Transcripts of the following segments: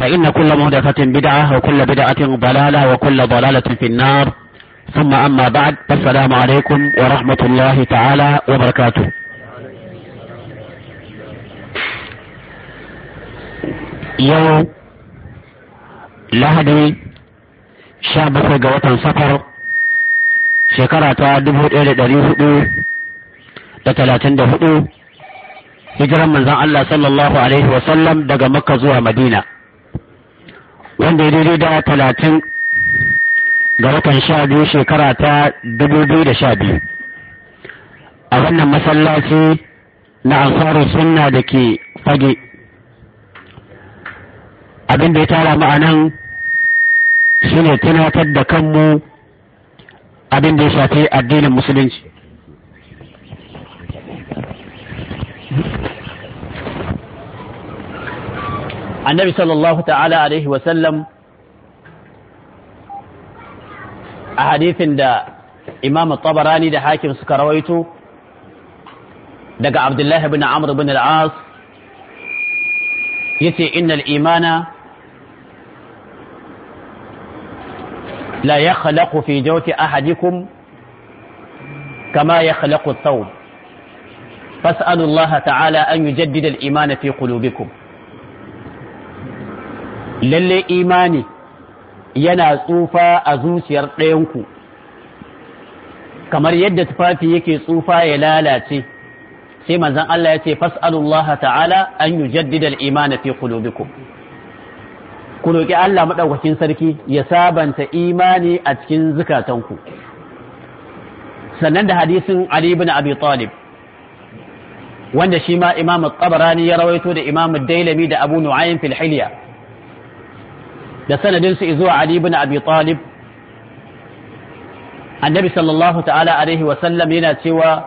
فإن كل محدثة بدعة وكل بدعة ضلالة وكل ضلالة في النار ثم أما بعد فالسلام عليكم ورحمة الله تعالى وبركاته يوم lahadi sha bakwai ga watan safar shekara ta dubu ɗaya da ɗari hudu da talatin da hudu hijiran manzan Allah sallallahu alaihi wasallam daga makka zuwa madina wanda ya daidai da talatin ga watan sha biyu shekara ta dubu biyu da sha biyu a wannan masallaci na ansaru sunna da ke fage abin da ya tara ma'anan ne tunatar da kanmu abin da ya shafi addinin musulunci عن النبي صلى الله تعالى عليه وسلم أحاديث دا إمام الطبراني دا حاكم سكرويتو دا عبد الله بن عمرو بن العاص يتي إن الإيمان لا يخلق في جوت أحدكم كما يخلق الثوب فاسألوا الله تعالى أن يجدد الإيمان في قلوبكم lalle imani yana tsufa a zuciyar ɗayanku kamar yadda tufafi yake tsufa ya lalace sai manzan Allah ya ce fas'alullaha ta'ala an yi al-imana fi ku roki Allah maɗaukakin sarki ya sabanta imani a cikin zukatanku sannan da hadisin Ali ibn Abi Talib wanda shi ma Imam Tabarani ya rawaito da Imam Dailami da Abu Nu'aym fil da sanadinsu zuwa Ali ibn Abi Talib annabi sallallahu ta'ala alaihi wasallam yana cewa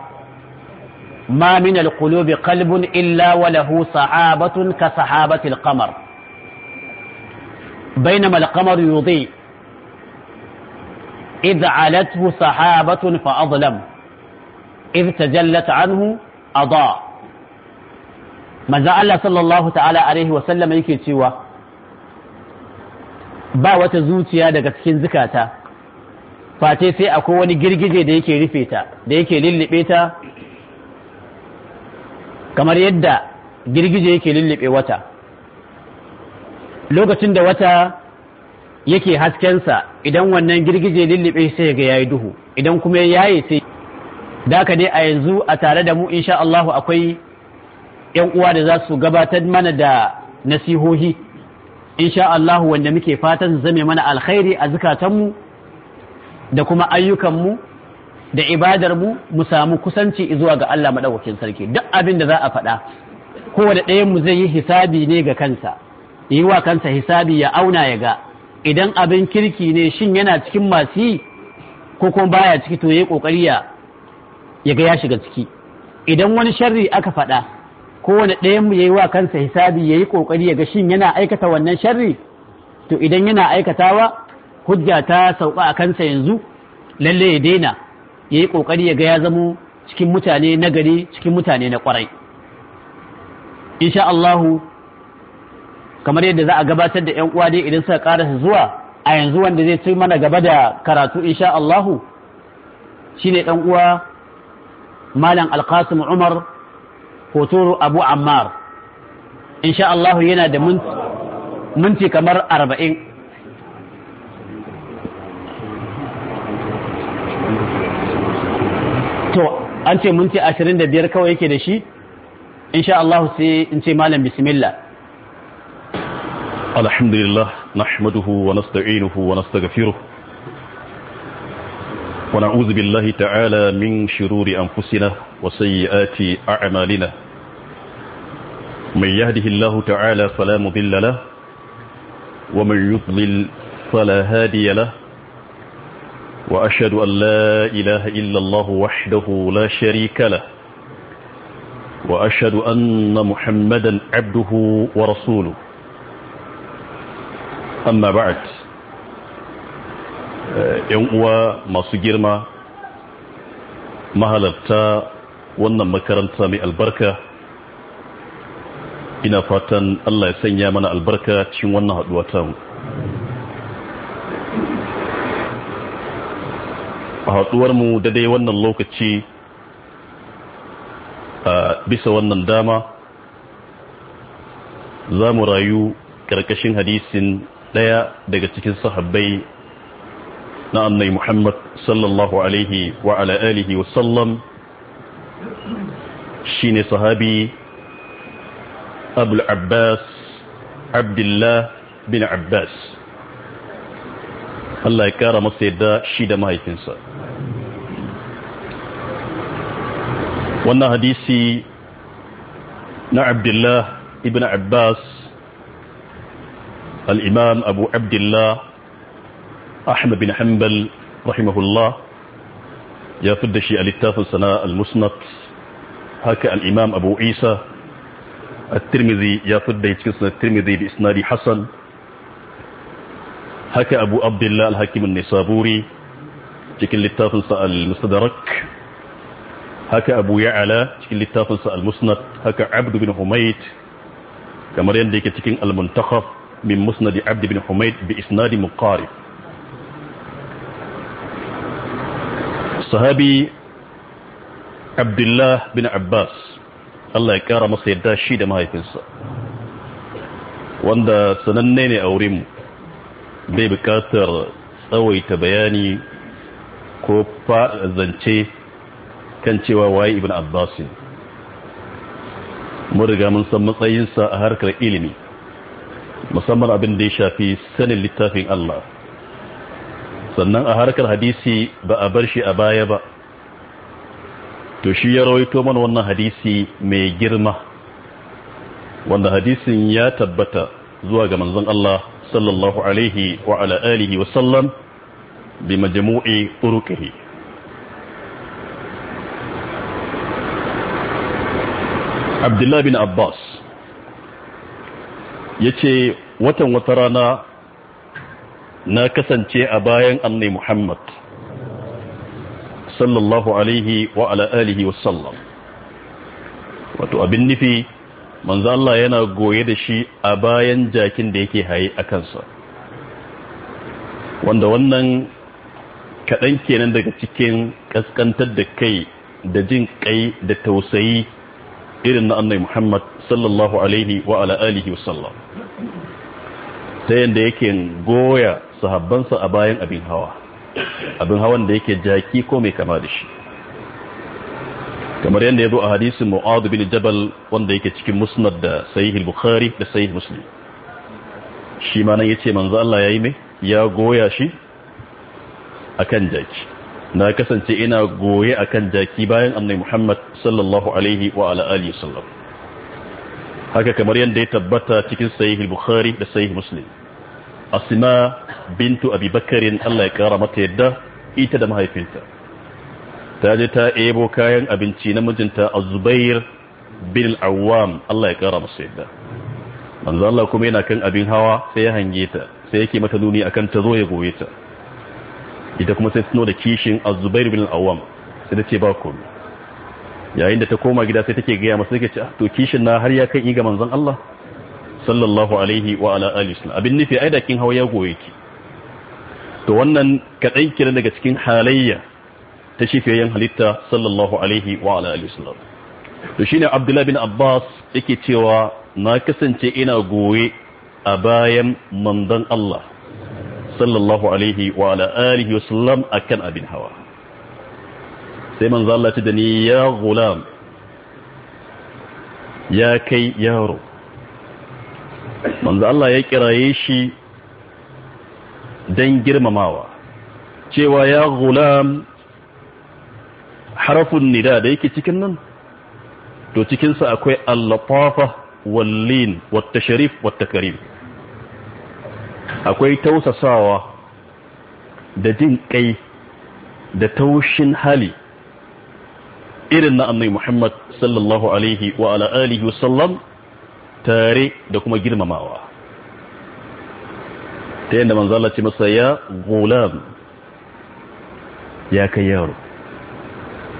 ma min alqulubi qalbun illa wa lahu sahabatun ka sahabati alqamar bainama alqamar yudhi إذ علته صحابة فأظلم إذ تجلت عنه أضاء من ذا الله صلى الله تعالى عليه وسلم يكي تيوه ba wata zuciya daga cikin zukata face sai akwai wani girgije da yake rufe ta da yake lullube ta kamar yadda girgije yake lullube wata lokacin da wata yake haskensa idan wannan girgije lullube sai ga yayi duhu idan kuma yayi sai daka dai a yanzu a tare da mu insha Allahu akwai yan uwa da za su gabatar mana da nasihohi insha Allah wanda muke fatan zame mana alkhairi a zukatanmu da kuma ayyukanmu da ibadarmu mu samu kusanci zuwa ga Allah madaukakin sarki duk abin da za a faɗa kowane ɗayan mu zai yi hisabi ne ga kansa yi wa kansa hisabi ya auna ya ga idan abin kirki ne shin yana cikin masu yi ko kuma baya ciki to yayi kokari ya ga ya shiga ciki idan wani sharri aka faɗa kowane ɗayan mu yayi wa kansa hisabi yayi kokari ya ga shin yana aikata wannan sharri to idan yana aikatawa hujja ta sauka a kansa yanzu lalle ya daina yayi kokari ya ga ya zamo cikin mutane na gari cikin mutane na kwarai insha Allah kamar yadda za a gabatar da ƴan uwa dai idan suka karasa zuwa a yanzu wanda zai ci mana gaba da karatu insha Allah shine ɗan uwa malam alqasim Umar hoto abu ammar insha Allah yana da minti kamar arba'in to an ce minti ashirin da biyar kawai yake da shi insha Allah sai in ce malam bismillah الحمد لله نحمده ونستعينه ونستغفره ونعوذ بالله تعالى من شرور أنفسنا وسيئات أعمالنا من يهده الله تعالى فلا مضل له ومن يضلل فلا هادي له وأشهد أن لا إله إلا الله وحده لا شريك له وأشهد أن محمدا عبده ورسوله أما بعد uwa ما girma ما wannan makaranta mai البركه ina fatan Allah ya sanya mana albarka cikin wannan haduwa ta mu a haduwar mu da dai wannan lokaci a bisa wannan dama za mu rayu ƙarƙashin hadisin ɗaya daga cikin sahabbai na annai Muhammad sallallahu alaihi wa ala alihi wa sallam shine sahabi أبو العباس عبد الله بن عباس الله يكرم السيدة شيدة ما يتنسى وانا هديسي نا الله ابن عباس الإمام أبو عبد الله أحمد بن حنبل رحمه الله يا فدشي الاتاف سناء المسند هكا الإمام أبو عيسى at-tirmidhi ya fidda cikin sunan tirmidhi bi isnadi hasan haka abu abdullah al-hakim an-nisaburi cikin littafin sa al-mustadrak haka abu ya'ala cikin littafin sa al-musnad haka abd bin humayd kamar yadda yake cikin al-muntakhab min musnad abd bin humayd bi isnadi muqarib sahabi عبد bin Abbas. Allah ya kara masa yadda shi da mahaifinsa wanda sananne ne a wurin bai bukatar tsawaita bayani ko zance kan cewa waye ibn abbasin mun riga mun san matsayinsa a harkar ilimi musamman abin da ya shafi sanin littafin Allah sannan a harkar hadisi ba a bar shi a baya ba to shi ya rawaito mana wannan hadisi mai girma wanda hadisin ya tabbata zuwa ga manzon Allah sallallahu alaihi wa ala alihi wa sallam bi majmu'i turuqihi Abdullah bin Abbas yace watan wata rana na kasance a bayan annai Muhammad sallallahu alaihi wa ala alihi wa sallam wato abin nufi manzo Allah yana goye da shi a bayan jakin da yake haye a kansa wanda wannan kaɗan kenan daga cikin ƙasƙantar da kai da jin kai da tausayi irin na annai Muhammad sallallahu alaihi wa ala alihi wa sallam ta yadda yake goya sahabbansa a bayan abin hawa abin hawan da yake jaki ko mai kama da shi kamar yadda ya zo a hadisin mu'adu bin jabal wanda yake cikin musnad da sahihul bukhari da sahih muslim shi ma nan yace manzo Allah yayi mai ya goya shi akan jaki na kasance ina goye akan jaki bayan annabi Muhammad sallallahu alaihi wa ala alihi sallam haka kamar yadda ya tabbata cikin sahih bukhari da sahih muslim asma bintu abi bakarin Allah ya kara mata yadda ita da mahaifinta ta je ta ebo kayan abinci na mijinta Zubair bin al’awam Allah ya kara masa yadda manzo Allah kuma yana kan abin hawa sai ya hange ta sai yake mata nuni kan ta zo ya goye ta ita kuma sai suno da kishin a Zubair bin al’awam sai ta ce ba komai yayin da ta koma gida sai take gaya masa yake ce ah, to kishin na har ya kai ga manzon Allah sallallahu alaihi wa ala alihi abin nufi ai da hawa ya goye ki to wannan kaɗai kira daga cikin halayya ta shifiyayyen halitta sallallahu alaihi wa ala to shine Abdullah bin Abbas yake cewa na kasance ina goye a bayan mandan Allah sallallahu alaihi wa ala wasallam akan abin hawa sai manzo Allah ta dani ya gulam ya kai yaro manzo Allah ya kiraye shi don girmamawa cewa ya gulam harafin nida da yake cikin nan to cikinsa akwai allafafa wallin wata sharif wata karim akwai tausasawa da jin kai da taushin hali irin na annai muhammad sallallahu alaihi wa ala wasallam tare da kuma girmamawa ta yadda manzala ce masa ya gulam ya kai yaro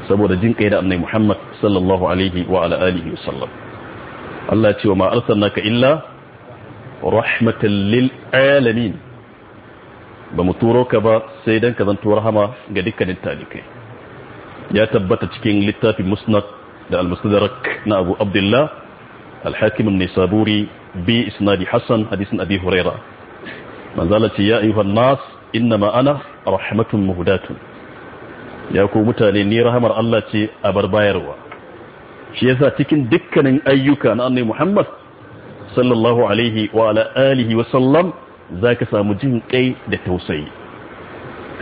saboda jin kai da annai muhammad sallallahu alaihi wa ala alihi Allah ce wa ma arsalnaka illa rahmatan lil'alamin ba mu turo ka ba sai dan ka zanto rahama ga dukkanin talikai ya tabbata cikin littafin musnad da al na Abu Abdullah al nisaburi bi isnadi Hassan hadisin Abi Hurairah manzala ce ya ayyuhan nas a ana rahmatun muhdatun ya ku mutane ni rahamar Allah ce a bar bayarwa shi yasa cikin dukkanin ayyuka na annabi Muhammad sallallahu alaihi wa ala alihi wa sallam zaka samu jin kai da tausayi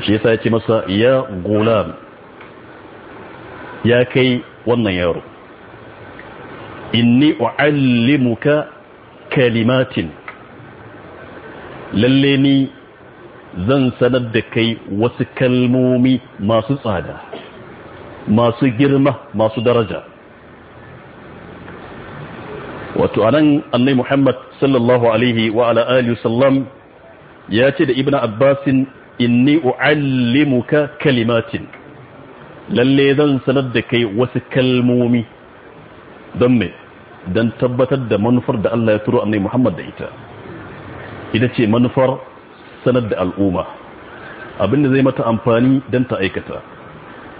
shi yasa ya ce masa ya gulam ya kai wannan yaro inni uallimuka kalimatin lalle ni zan sanar da kai wasu kalmomi masu tsada masu girma masu daraja wato anan annai muhammad sallallahu alaihi wa sallam ya ce da ibn abbasin inni u'allimuka kalimatin lalle zan sanar da kai wasu kalmomi don me don tabbatar da manufar da Allah ya turo annai muhammad da ita ita ce manufar sanar da al'umma abinda zai mata amfani don ta aikata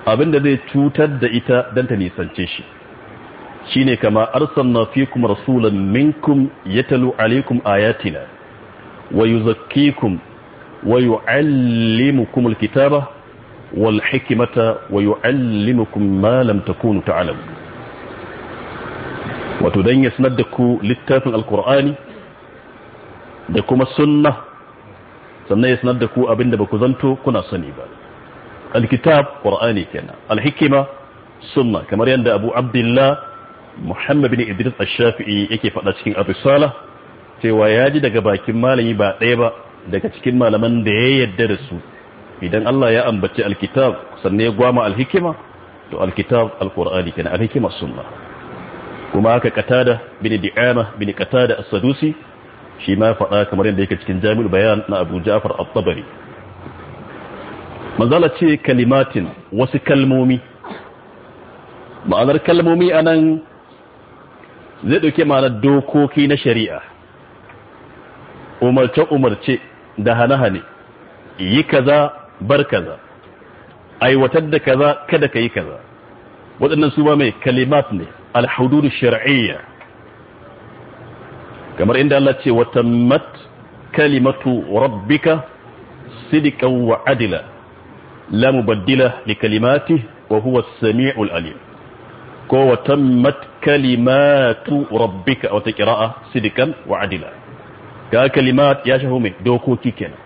abinda zai cutar da ita don ta nisance shi shine kama fi kuma rasulan minkum yatalu alaikum ayatina wa yuzakkikum wa yuallimukum alkitaba wal hikmata wa yuallimukum ma lam takunu ta'lamun wato don ya sanar da ku littafin alkur'ani. da kuma sunna sannan ya sanar da ku abin da ba ku zanto kuna sani ba alkitab qur'ani kenan alhikima sunna kamar yadda abu abdullah muhammad bin idris ash-shafi'i yake faɗa cikin abisala cewa ya ji daga bakin malami ba ɗaya ba daga cikin malaman da ya yadda da su idan Allah ya ambaci alkitab sannan ya gwama alhikima to alkitab alqur'ani kenan alhikima sunna kuma aka katada bin di'ama bin katada as-sadusi shi ma faɗa kamar yadda yake cikin jami'ul bayan na abu ja'far at-tabari manzala ce kalimatin wasu kalmomi ma'anar kalmomi anan zai ɗauke ma'anar dokoki na shari'a umarce umarce da hane-hane yi kaza bar kaza aiwatar da kaza kada ka yi kaza waɗannan su ba mai kalimat ne alhududu shar'iyya kamar inda Allah ce wata mat kalimatu rabbika sidikan wa adila la mubaddila li kalimati wa huwa samiul alim ko wa kalimatu rabbika wata kira'a sidikan wa adila ga kalimat ya shahu mai dokoki kenan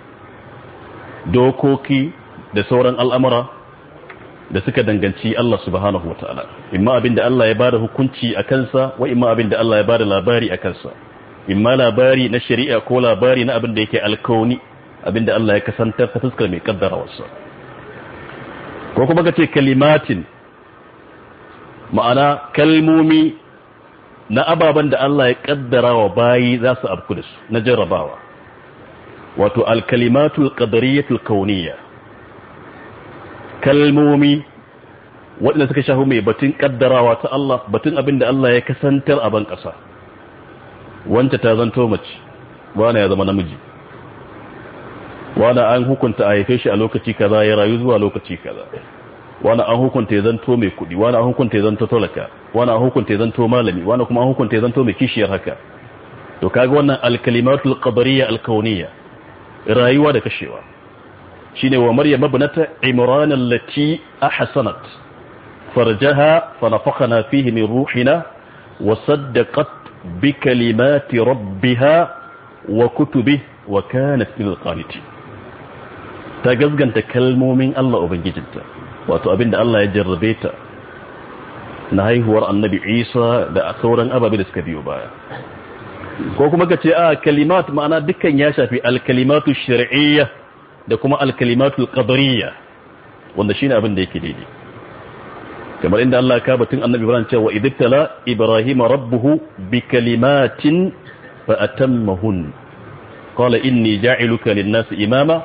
dokoki da sauran al'amura da suka danganci Allah subhanahu wa ta'ala, imma abin Allah ya bada hukunci a kansa, wa imma abin da Allah ya bada labari a kansa. imma labari na shari'a ko labari na abin da yake alkauni abin da Allah ya kasantar ta fuskar mai kaddarawarsa ko kuma ka ce kalimatin ma'ana kalmomi na ababen da Allah ya kaddara wa bayi za su abku da su na jarrabawa wato alkalimatul qadariyatul kauniyya kalmomi waɗanda suka shafi mai batun kaddarawa ta Allah batun abin da Allah ya kasantar a ban ƙasa wanta ta zanto mace wane ya zama namiji wane an hukunta a haife shi a lokaci kaza ya rayu zuwa lokaci kaza wane an hukunta ya zanto mai kudi wane an hukunta ya zanto talaka wane an hukunta ya zanto malami wane kuma an hukunta ya zanto mai kishiyar haka to kaga wannan alkalimatul qadariyya alkauniyya rayuwa da kashewa shine wa maryam ibnata imran allati ahsanat farjaha fa nafakhana fihi min ruhina wa saddaqat bi بكلمات ربها wa وكانت من القانتين ta gasganta kalmomin Allah Ubangijinta wato abinda Allah ya jarrabe ta na haihuwar annabi Isa da sauran ababe da suka biyo baya ko kuma ka ce a kalimat ma'ana dukkan ya shafi alkalimatu shari'iyya da kuma alkalimatu qadariyya wanda shine abin da yake daidai kamar inda Allah ka batun annabi Ibrahim cewa idibtala ibrahima rabbuhu bikalimatin kalimatin fa atammahun qala inni ja'iluka lin-nasi imama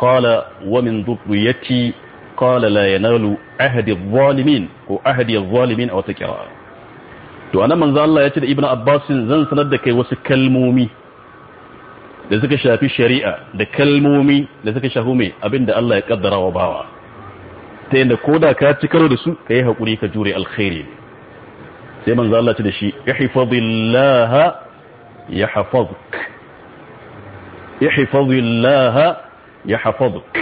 qala wa min dhurriyyati qala la yanalu ahadi adh-dhalimin ko ahadi adh-dhalimin aw takira to anan manzo Allah ya ce da Ibn Abbas zan sanar da kai wasu kalmomi da suka shafi shari'a da kalmomi da suka shafi mai abinda Allah ya kaddara wa bawa ta yadda ko da ka ci karo da su ka yi haƙuri ka jure alkhairi sai man za Allah ci da shi ya haifazillaha ya haifazuk ya haifazillaha ya haifazuk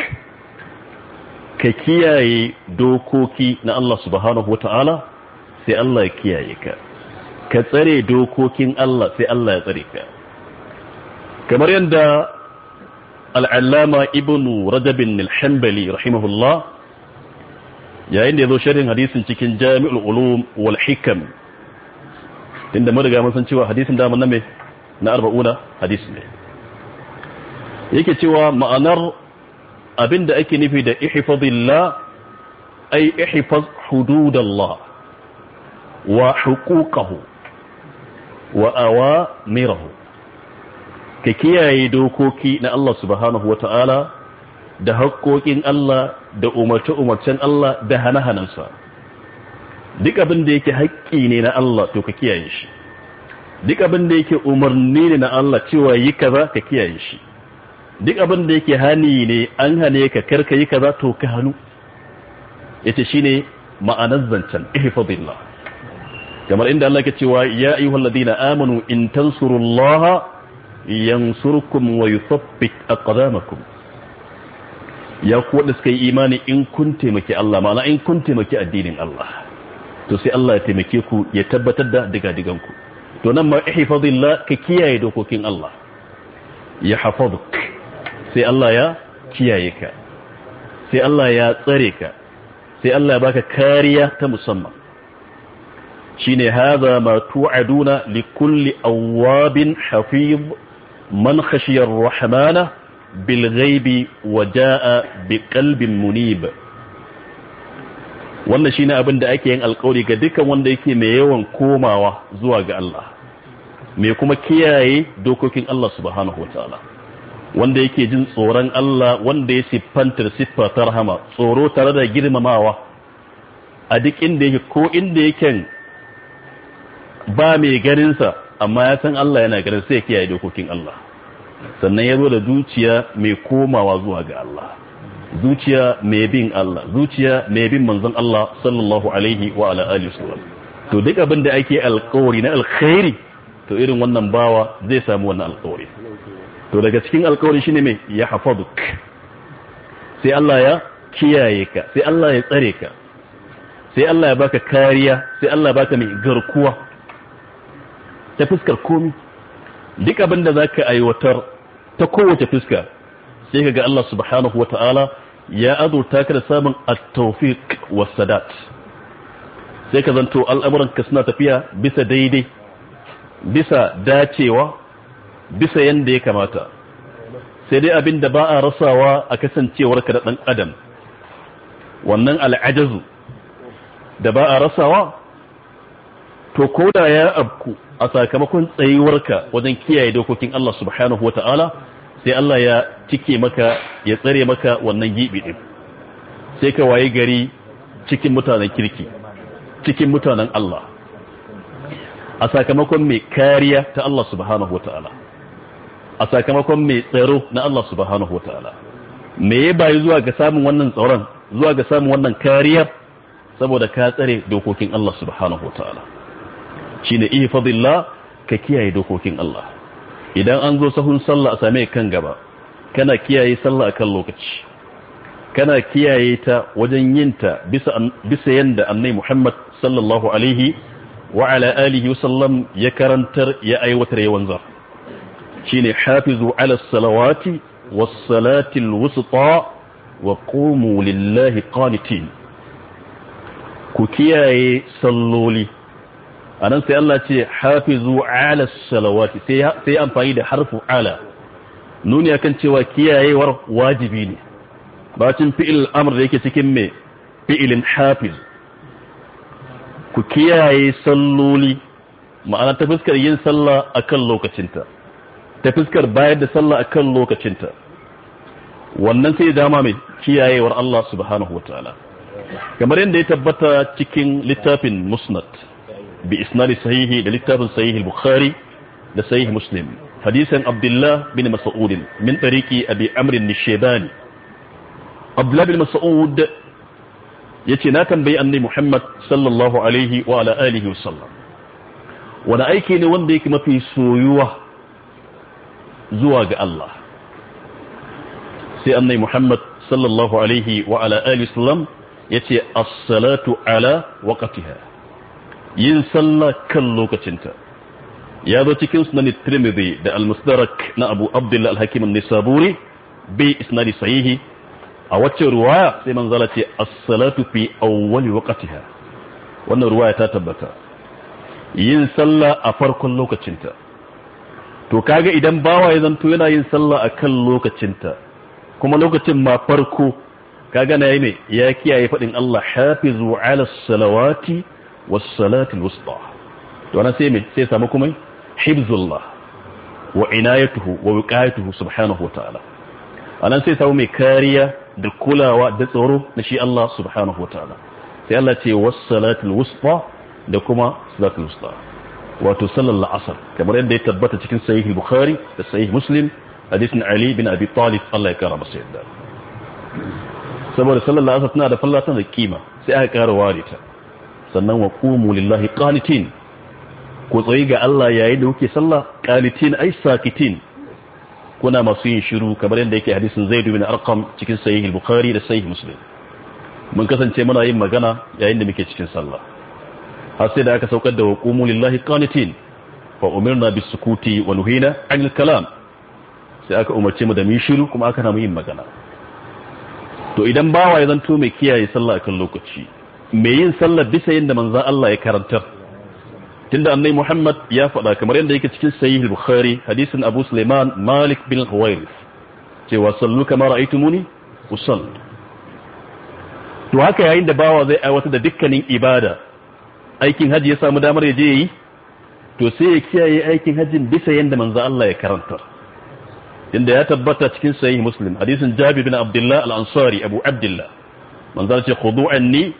ka kiyaye dokoki na Allah subhanahu wa ta'ala sai Allah ya kiyaye ka ka tsare dokokin Allah sai Allah ya tsare ka kamar yadda al'allama ibn rajabin al-hambali rahimahullah yayin da ya zo sharhin hadisin cikin jami'ul ulum wal hikam inda madaga mun san cewa hadisin da mun na arba'una hadisi ne yake cewa ma'anar abinda ake nufi da ihfazillah ay ihfaz hududallah wa huquqahu wa awamirahu ka kiyaye dokoki na Allah subhanahu wata'ala da hakkokin Allah da umarce-umarcen Allah da hana-hanansa duk abin da yake haƙƙi ne na Allah to ka kiyaye shi duk abin da yake umarni ne na Allah cewa yi kaza ka kiyaye shi duk abin da yake hani ne an hane ka karka yi kaza to ka hannu yace shine ma'anar zancen ihfazillah kamar inda Allah ke cewa ya ayyuhal ladina amanu in tansurullaha yansurkum wa yuthabbit aqdamakum ya kuwa wanda suka yi imani in kun taimaki Allah ma'ana in kun taimaki addinin Allah to sai Allah ya taimake ku ya tabbatar da digadigan ku to nan ma ihfazillah ka kiyaye dokokin Allah ya hafazuk sai Allah ya kiyaye ka sai Allah ya tsare ka sai Allah ya baka kariya ta musamman shine hadha ma tu'aduna likulli awabin hafiz man khashiya ar-rahmana bilghaibi wa ja'a biqalbin munib wannan shine abin da ake yin alƙawari ga dukkan wanda yake mai yawan komawa zuwa ga Allah mai kuma kiyaye dokokin Allah subhanahu wataala wanda yake jin tsoron Allah wanda ya siffantar siffa ta rahama tsoro tare da girmamawa a duk inda yake ko inda yake ba mai ganinsa amma ya san Allah yana ganin sai ya kiyaye dokokin Allah sannan ya zo da zuciya mai komawa zuwa ga Allah zuciya mai bin Allah zuciya mai bin manzon Allah sallallahu alaihi wa ala alihi wasallam to duk abin da ake alƙawari na alkhairi to irin wannan bawa zai samu wannan alƙawari to daga cikin alƙawari shine mai ya hafaduk sai Allah ya kiyaye ka sai Allah ya tsare ka sai Allah ya baka kariya sai Allah ya baka mai garkuwa ta fuskar komi duk abin da zaka aiwatar ta kowace fuska sai ka ga Allah subhanahu wa ta'ala ya azurta ka da samun at-tawfiq was sadat sai ka zanto al'amuran ka suna tafiya bisa daidai bisa dacewa bisa yanda ya kamata sai dai abin da ba a rasawa a kasancewar ka da dan adam wannan al'ajazu da ba a rasawa to ko da ya abku a sakamakon tsayuwarka wajen kiyaye dokokin Allah subhanahu wata'ala sai Allah ya cike maka ya tsare maka wannan gibi din sai ka waye gari cikin mutanen kirki cikin mutanen Allah a sakamakon mai kariya ta Allah subhanahu wata'ala a sakamakon mai tsaro na Allah subhanahu wata'ala me ya bayi zuwa ga samun wannan tsaron zuwa ga samun wannan kariyar saboda ka tsare dokokin Allah subhanahu wata'ala shine ifadillah ka kiyaye dokokin Allah idan an zo sahun sallah a same kan gaba kana kiyaye sallah akan lokaci kana kiyaye ta wajen yinta bisa bisa yanda annai Muhammad sallallahu alaihi wa ala alihi wasallam ya karantar ya aiwatar ya wanzar shine hafizu ala salawati was salati al wa qumu lillahi qanitin ku kiyaye salloli a nan sai Allah ce hafizu ala salawati sai amfani da harfu ala nuni akan cewa kiyayewar wajibi ne bacin fi'il amr da yake cikin me fi'ilin hafiz ku kiyaye salloli ma'ana ta fuskar yin sallah akan lokacinta ta fuskar bayar da sallah akan lokacinta wannan sai dama mai kiyayewar Allah subhanahu wataala kamar yadda ya tabbata cikin littafin musnad بإسناد صحيح للكتاب صحيح البخاري لصحيح مسلم حديث عبد الله بن مسعود من طريق أبي عمرو النشيباني عبد الله بن مسعود يتناكا بأن محمد صلى الله عليه وعلى آله وسلم وانا ايكي نوان ديك ما في سويوة زواج الله سي سيأن محمد صلى الله عليه وعلى آله وسلم يتي الصلاة على وقتها yin sallah kan lokacinta ya zo cikin sunan tirmidhi da al mustarak na abu abdullah al-hakim an-nisaburi bi isnadi sahihi a wacce ruwaya sai manzala ce as-salatu fi awwali waqtiha wannan ruwaya ta tabbata yin sallah a farkon lokacinta to kaga idan bawa ya zanto yana yin sallah a kan lokacinta kuma lokacin ma farko kaga na yi ne ya kiyaye faɗin Allah hafizu ala salawati wassalatul wusta to ana sai mai sai samu kuma hibzullah wa inayatuhu wa wiqayatuhu subhanahu wa anan sai samu mai kariya da kulawa da tsaro na shi Allah subhanahu wa sai Allah ce wassalatul wusta da kuma salatul wusta wato sallar la'asar kamar yadda ya tabbata cikin sahih bukhari da sahih muslim hadisin ali bin abi talib Allah ya kara masa saboda sallar la'asar tana da fallatan da kima sai aka kara ware ta sannan wa qumu lillahi qanitin ku tsayi ga Allah yayin da kuke sallah qanitin ay sakitin kuna masu yin shiru kamar yadda yake hadisin Zaid bin Arqam cikin sahih al-Bukhari da sahih Muslim mun kasance muna yin magana yayin da muke cikin sallah har sai da aka saukar da wa qumu lillahi qanitin wa umirna bis sukuti wa nuhina anil kalam sai aka umarce mu da mu shiru kuma aka na mu yin magana to idan bawa ya zanto mai kiyaye sallah kan lokaci mai yin sallar bisa yadda manza Allah ya karantar tunda annai Muhammad ya faɗa kamar yadda yake cikin sahih bukhari hadisin Abu Sulaiman Malik bin Huwairis cewa sallu kama ra'aytumuni usalli to haka yayin da bawa zai aiwata da dukkanin ibada aikin haji ya samu damar ya je yi to sai ya kiyaye aikin hajjin bisa yadda manza Allah ya karantar inda ya tabbata cikin sayi muslim hadisin jabi bin abdullah al-ansari abu abdullah manzo ce khudu anni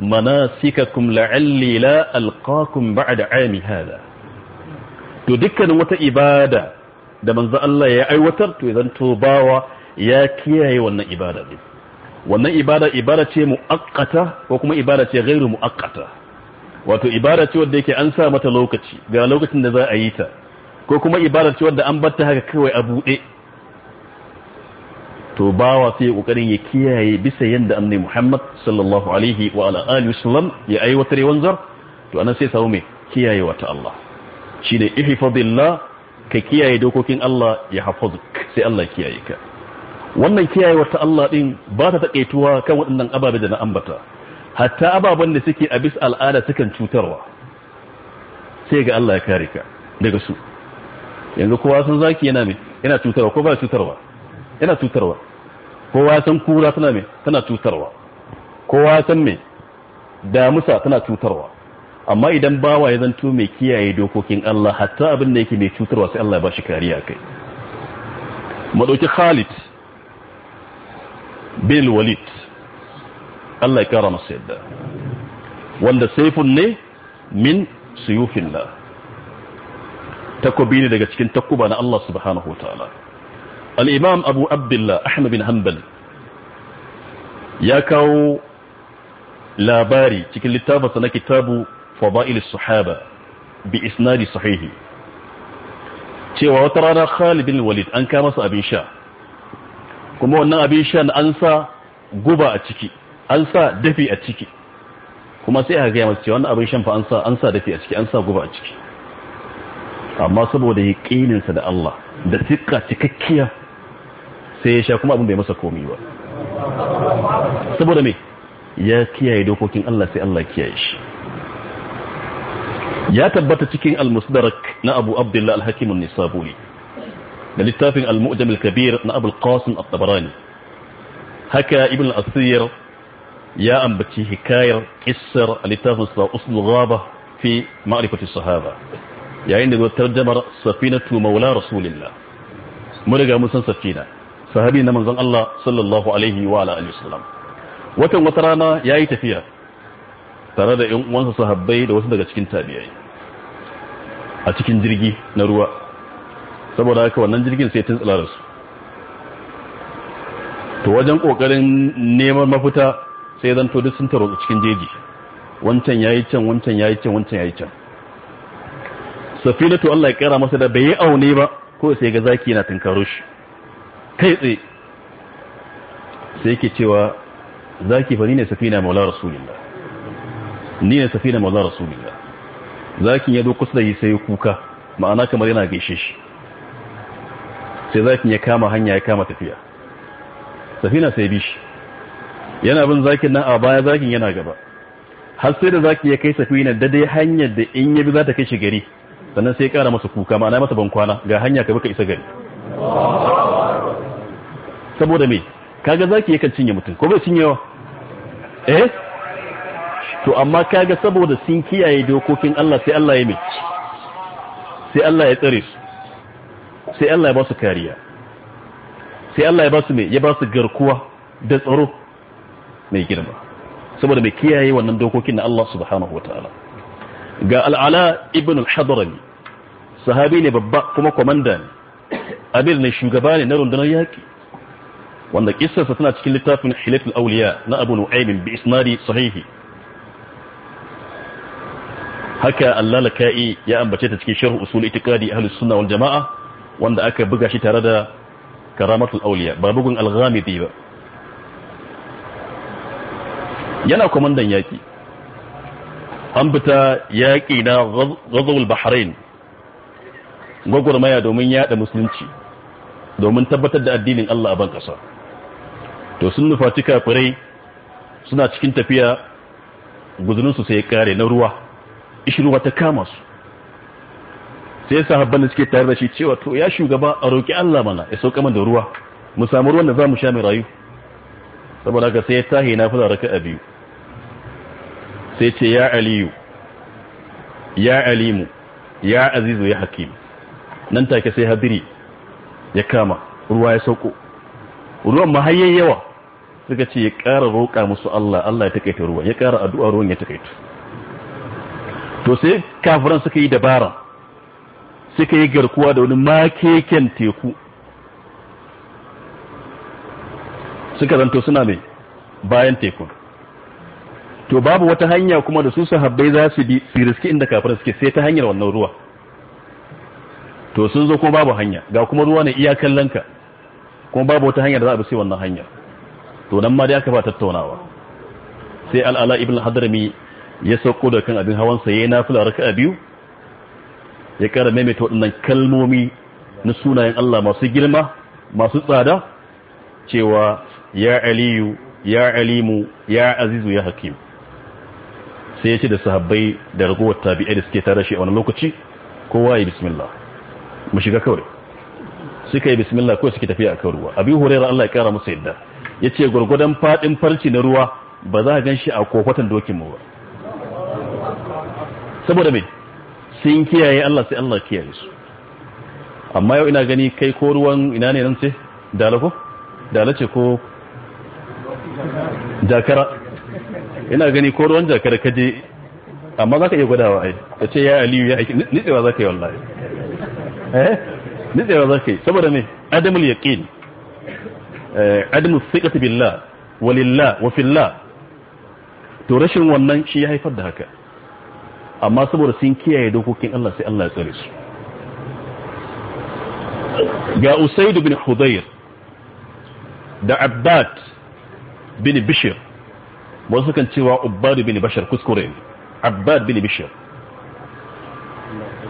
manasikakum la'alli la alqakum ba'da 'ami hada to dukkanin wata ibada da manzo Allah ya aiwatar to idan bawa ya kiyaye wannan ibada din wannan ibada ibada ce muakkata ko kuma ibada ce ghairu muakkata wato ibada ce wanda yake an sa mata lokaci ga lokacin da za a yi ta ko kuma ibada ce wanda an batta haka kawai a bude to wa sai kokarin ya kiyaye bisa yanda annabi Muhammad sallallahu alaihi wa ala alihi wasallam ya aiwatar wanzar to anan sai samu me kiyaye wata Allah shi ne ifi fadillah ka kiyaye dokokin Allah ya hafazuk sai Allah ya kiyaye ka wannan kiyaye wata Allah din ba ta taƙaituwa kan waɗannan ababe da na ambata hatta ababen da suke a bisa al'ada sukan cutarwa sai ga Allah ya kare ka daga su yanzu kowa sun zaki yana me yana cutarwa ko ba cutarwa yana cutarwa kowa ya san kura tana me tana cutarwa kowa san me damusa tana cutarwa amma idan bawa ya zanto mai kiyaye dokokin Allah hatta abin da yake mai cutarwa sai Allah ya bashi kariya kai madauki Khalid bin Walid Allah ya kara masa yadda wanda saifun ne min suyufillah takobi ne daga cikin takuba na Allah subhanahu wataala al'imam abu abdullah ahmad bin hanbal ya kawo labari cikin littafinsa na kitabu fada'il suhaba bi isnadi sahihi cewa wata rana Khalid Walid an kama su abin sha kuma wannan abin sha an sa guba a ciki an sa dafi a ciki kuma sai aka gaya masu cewa wannan abin sha fa an sa dafi a ciki an sa guba a ciki amma saboda yaqininsa da Allah da siƙa cikakkiya sai ya sha kuma abin bai masa komi ba saboda me ya kiyaye dokokin Allah sai Allah kiyaye shi ya tabbata cikin al-musdarak na Abu Abdullah al-Hakim an-Nisaburi da littafin al-Mu'jam al-Kabir na Abu al-Qasim at-Tabarani haka Ibn al-Asir ya ambaci hikayar qissar al-littafin sa usul ghaba fi ma'rifati sahaba yayin da tarjamar safinatu maula rasulillah mun riga mun san safina sahabi na manzon Allah sallallahu alaihi wa alihi wasallam watan wata rana yayi tafiya tare da ƴan uwansa sahabbai da wasu daga cikin tabi'ai a cikin jirgi na ruwa saboda haka wannan jirgin sai tun da su to wajen kokarin neman mafita sai to duk sun taro cikin jeji wancan yayi can wancan yayi can wancan yayi can safinatu Allah ya kara masa da bai aune ba ko sai ga zaki yana tunkaro shi kai tsaye sai yake cewa zaki fa ni ne safina maula rasulillah ni ne safina maula rasulillah zakin ya zo kusa da yi sai kuka ma'ana kamar yana gaishe shi sai zakin ya kama hanya ya kama tafiya safina sai bi shi yana bin zakin nan a baya zakin yana gaba har sai da zakin ya kai safina da dai hanyar da in ya bi za ta kai shi gari sannan sai ya kara masa kuka ma'ana masa bankwana ga hanya ka bi ka isa gari saboda me kaga zaki yakan cinye mutum ko bai cinye wa eh to amma kaga saboda sun kiyaye dokokin Allah sai Allah ya mai sai Allah ya tsare su sai Allah ya ba su kariya sai Allah ya ba su mai ya ba su garkuwa da tsaro mai girma saboda mai kiyaye wannan dokokin na Allah subhanahu wataala ga al'ala ibn al hadrani sahabi ne babba kuma komanda ne amir ne shugaba ne na rundunar yaki wanda kissarsa tana cikin littafin hilatul auliya na abu nu'aymin bi isnadi sahihi haka allalaka'i ya ambace ta cikin sharh usul itiqadi ahlus sunna wal jamaa wanda aka buga shi tare da karamatul auliya ba bugun al-ghamidi ba yana komandan yaki an fita yaƙi na gazawul bahrain gwagwarmaya domin yaɗa musulunci domin tabbatar da addinin Allah a ban ƙasa to sun nufaci kafirai suna cikin tafiya guzurinsu sai ya kare na ruwa ruwa ta kama su sai sahabban da suke tare da shi cewa to ya shugaba a roƙi Allah mana ya sauka mana da ruwa mu samu ruwan da za mu sha mai rayu saboda haka sai ya tahi na fara raka a biyu sai ce ya aliyu ya alimu ya azizu ya hakim nan take sai hadiri ya kama ruwa ya sauko ruwan mahayyan yawa suka ce ya ƙara roƙa musu Allah Allah ya takaita ruwa ya ƙara addu'a ruwan ya takaita to sai kafiran suka yi dabara suka yi garkuwa da wani makeken teku suka zanto suna mai bayan teku to babu wata hanya kuma da su sahabbai za su bi su riski inda kafiran suke sai ta hanyar wannan ruwa to sun zo kuma babu hanya ga kuma ruwa ne iya lanka kuma babu wata hanya da za a bi sai wannan hanyar to nan ma dai aka ba tattaunawa sai al'ala ibn hadrami ya sauko da kan abin hawan ya yi nafila raka'a biyu ya kara maimaita waɗannan kalmomi na sunayen Allah masu girma masu tsada cewa ya aliyu ya alimu ya azizu ya hakim sai ya ce da sahabbai da ragowar tabi'ai da suke tare shi a wani lokaci kowa ya bismillah mu shiga kawai suka yi bismillah ko suke tafiya a kawruwa ruwa abi hurairah Allah ya kara musu yadda ya ce gwargwadon faɗin farci na ruwa ba za a gan shi a kofatan dokinmu ba saboda mai sun kiyaye Allah sai Allah kiyaye su amma yau ina gani kai ko ruwan ina ne nan ce dala ko dala ce ko jakara ina gani ko ruwan jakara kaje amma za ka iya gwadawa ai ka ce ya aliyu ya aiki nitsewa za ka yi wallahi eh nitsewa za ka yi saboda mai adamul yaqin Eh, adamu siƙati billah walillah wa fillah to rashin wannan shi ya haifar da haka amma saboda sun kiyaye dokokin Allah sai Allah ya tsare su ga Usaid bin Hudayr da Abbad bin Bishr wasu kan cewa Ubbad bin Bashar kuskure Abbad bin Bishr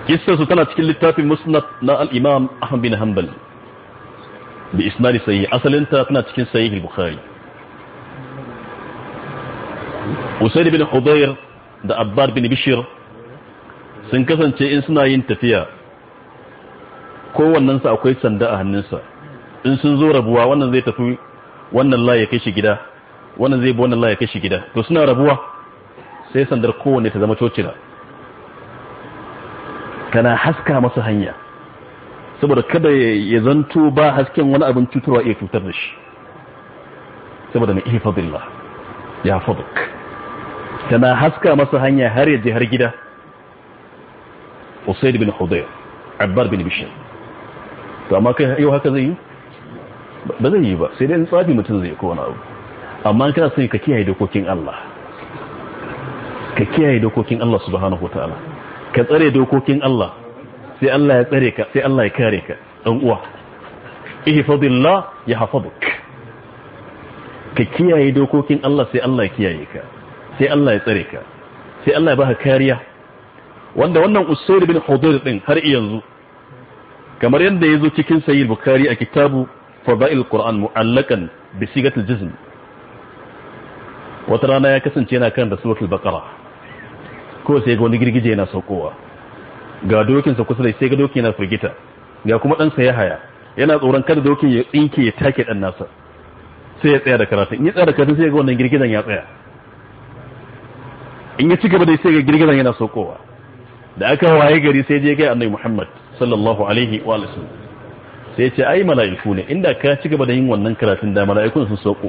kissa su tana cikin littafin Musnad na al-Imam Ahmad bin Hanbal bi isnadi sahih asalinta tana cikin sahih al-bukhari usayd bin hudayr da abbar bin bishr sun kasance in suna yin tafiya ko wannan sa akwai sanda a hannunsa in sun zo rabuwa wannan zai tafi wannan ya kai shi gida wannan zai bi wannan ya kai shi gida to suna rabuwa sai sandar kowanne ta zama cocina kana haska masa hanya saboda kada ya zanto ba hasken wani abin cutarwa iya cutar da shi saboda mai fadilla ya faduk tana haska masa hanya har yaje har gida usaid bin hudayr abbar bin bishir to amma kai yau haka zai yi ba zai yi ba sai dai tsafi mutum zai kowane abu amma kana son ka kiyaye dokokin Allah ka kiyaye dokokin Allah subhanahu wataala ka tsare dokokin Allah sai Allah ya tsare ka sai Allah ya kare ka dan uwa ihfazillah yahfazuk ka kiyaye dokokin Allah sai Allah ya kiyaye ka sai Allah ya tsare ka sai Allah ya baka kariya wanda wannan usayd bin hudayr din har yanzu kamar yadda yazo cikin sahih bukhari a kitabu fadail qur'an mu'allakan bi sigatil jism wata rana ya kasance yana kan da suratul baqara ko sai ga wani girgije yana saukowa ga dokinsa kusa da sai ga dokin yana firgita ga kuma ɗansa ya haya yana tsoron kada dokin ya tsinke ya take ɗan nasa sai ya tsaya da karatu in ya tsaya da karatu sai ga wannan girgizan ya tsaya in ya ci gaba dai sai ga girgizan yana sokowa da aka waye gari sai je ga annabi Muhammad sallallahu alaihi wa sallam sai ya ce ai mala'iku ne inda ka ci gaba da yin wannan karatun da mala'ikun sun soko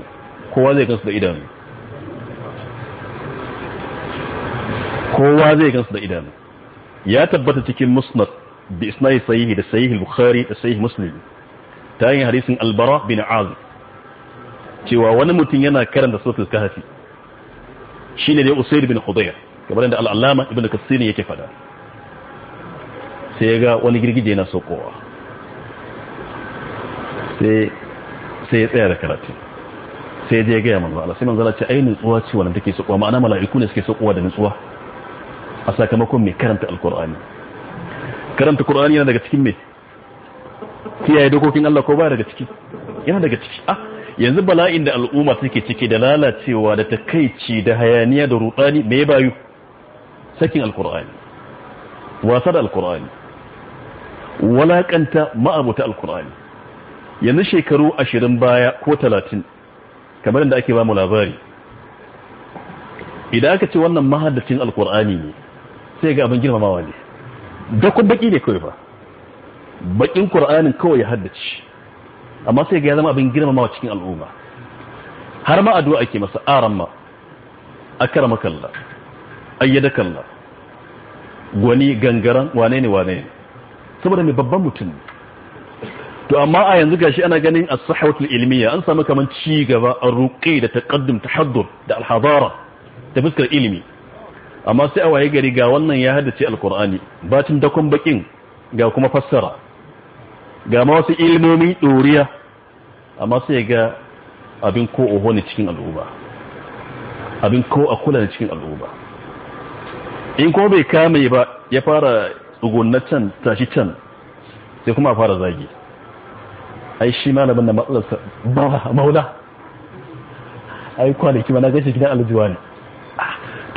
kowa zai gansu da idanu kowa zai gansu da idanu ya tabbata cikin musnad bi isnadi sahihi da sahihi bukhari da sahihi muslim ta yin hadisin albara bin az cewa wani mutum yana karanta suratul kahfi shine dai usayd bin hudayr kamar da al-allama ibn kasir yake fada sai ga wani girgije yana sokowa sai sai ya tsaya da karatu sai ya je ga manzo Allah sai manzo Allah ce ai tsuwa ce wannan take sokowa ma'ana mala'iku ne suke sokowa da nutsuwa a sakamakon mai karanta alkur'ani karanta kur'ani yana daga cikin mai kiyaye dokokin Allah ko ba daga ciki yana daga ciki ah yanzu bala'in da al'umma suke ciki da lalacewa da takaici da hayaniya da rudani me bayu sakin alkur'ani wasa da alkur'ani walakanta ma'abuta alkur'ani yanzu shekaru ashirin baya ko talatin kamar da ake ba mu labari idan aka ce wannan mahaddacin alkur'ani ne sai ga abin girmamawa ne da kun baki ne kawai fa bakin qur'anin kawai ya haddace amma sai ga ya zama abin girmamawa cikin al'umma har ma addu'a ake masa karama akramakallah Allah gwani gangaran wane ne wane ne saboda mai babban mutum to amma a yanzu gashi ana ganin as-sahwatul ilmiya an samu kaman ci gaba a ruqi da taqaddum tahaddur da al-hadara da fuskar ilimi amma sai a waye gari ga wannan ya haddace alkur'ani bacin dakon bakin ga kuma fassara ga ma wasu ilmomi ɗoriya amma sai ga abin ko oho ne cikin al'uba abin ko a kula ne cikin al'uba in kuma bai kame ba ya fara tsugunnacen tashi can sai kuma fara zagi ai shi malamin na matsalarsa ba maula ai kwanaki na gashi gidan aljuwa ne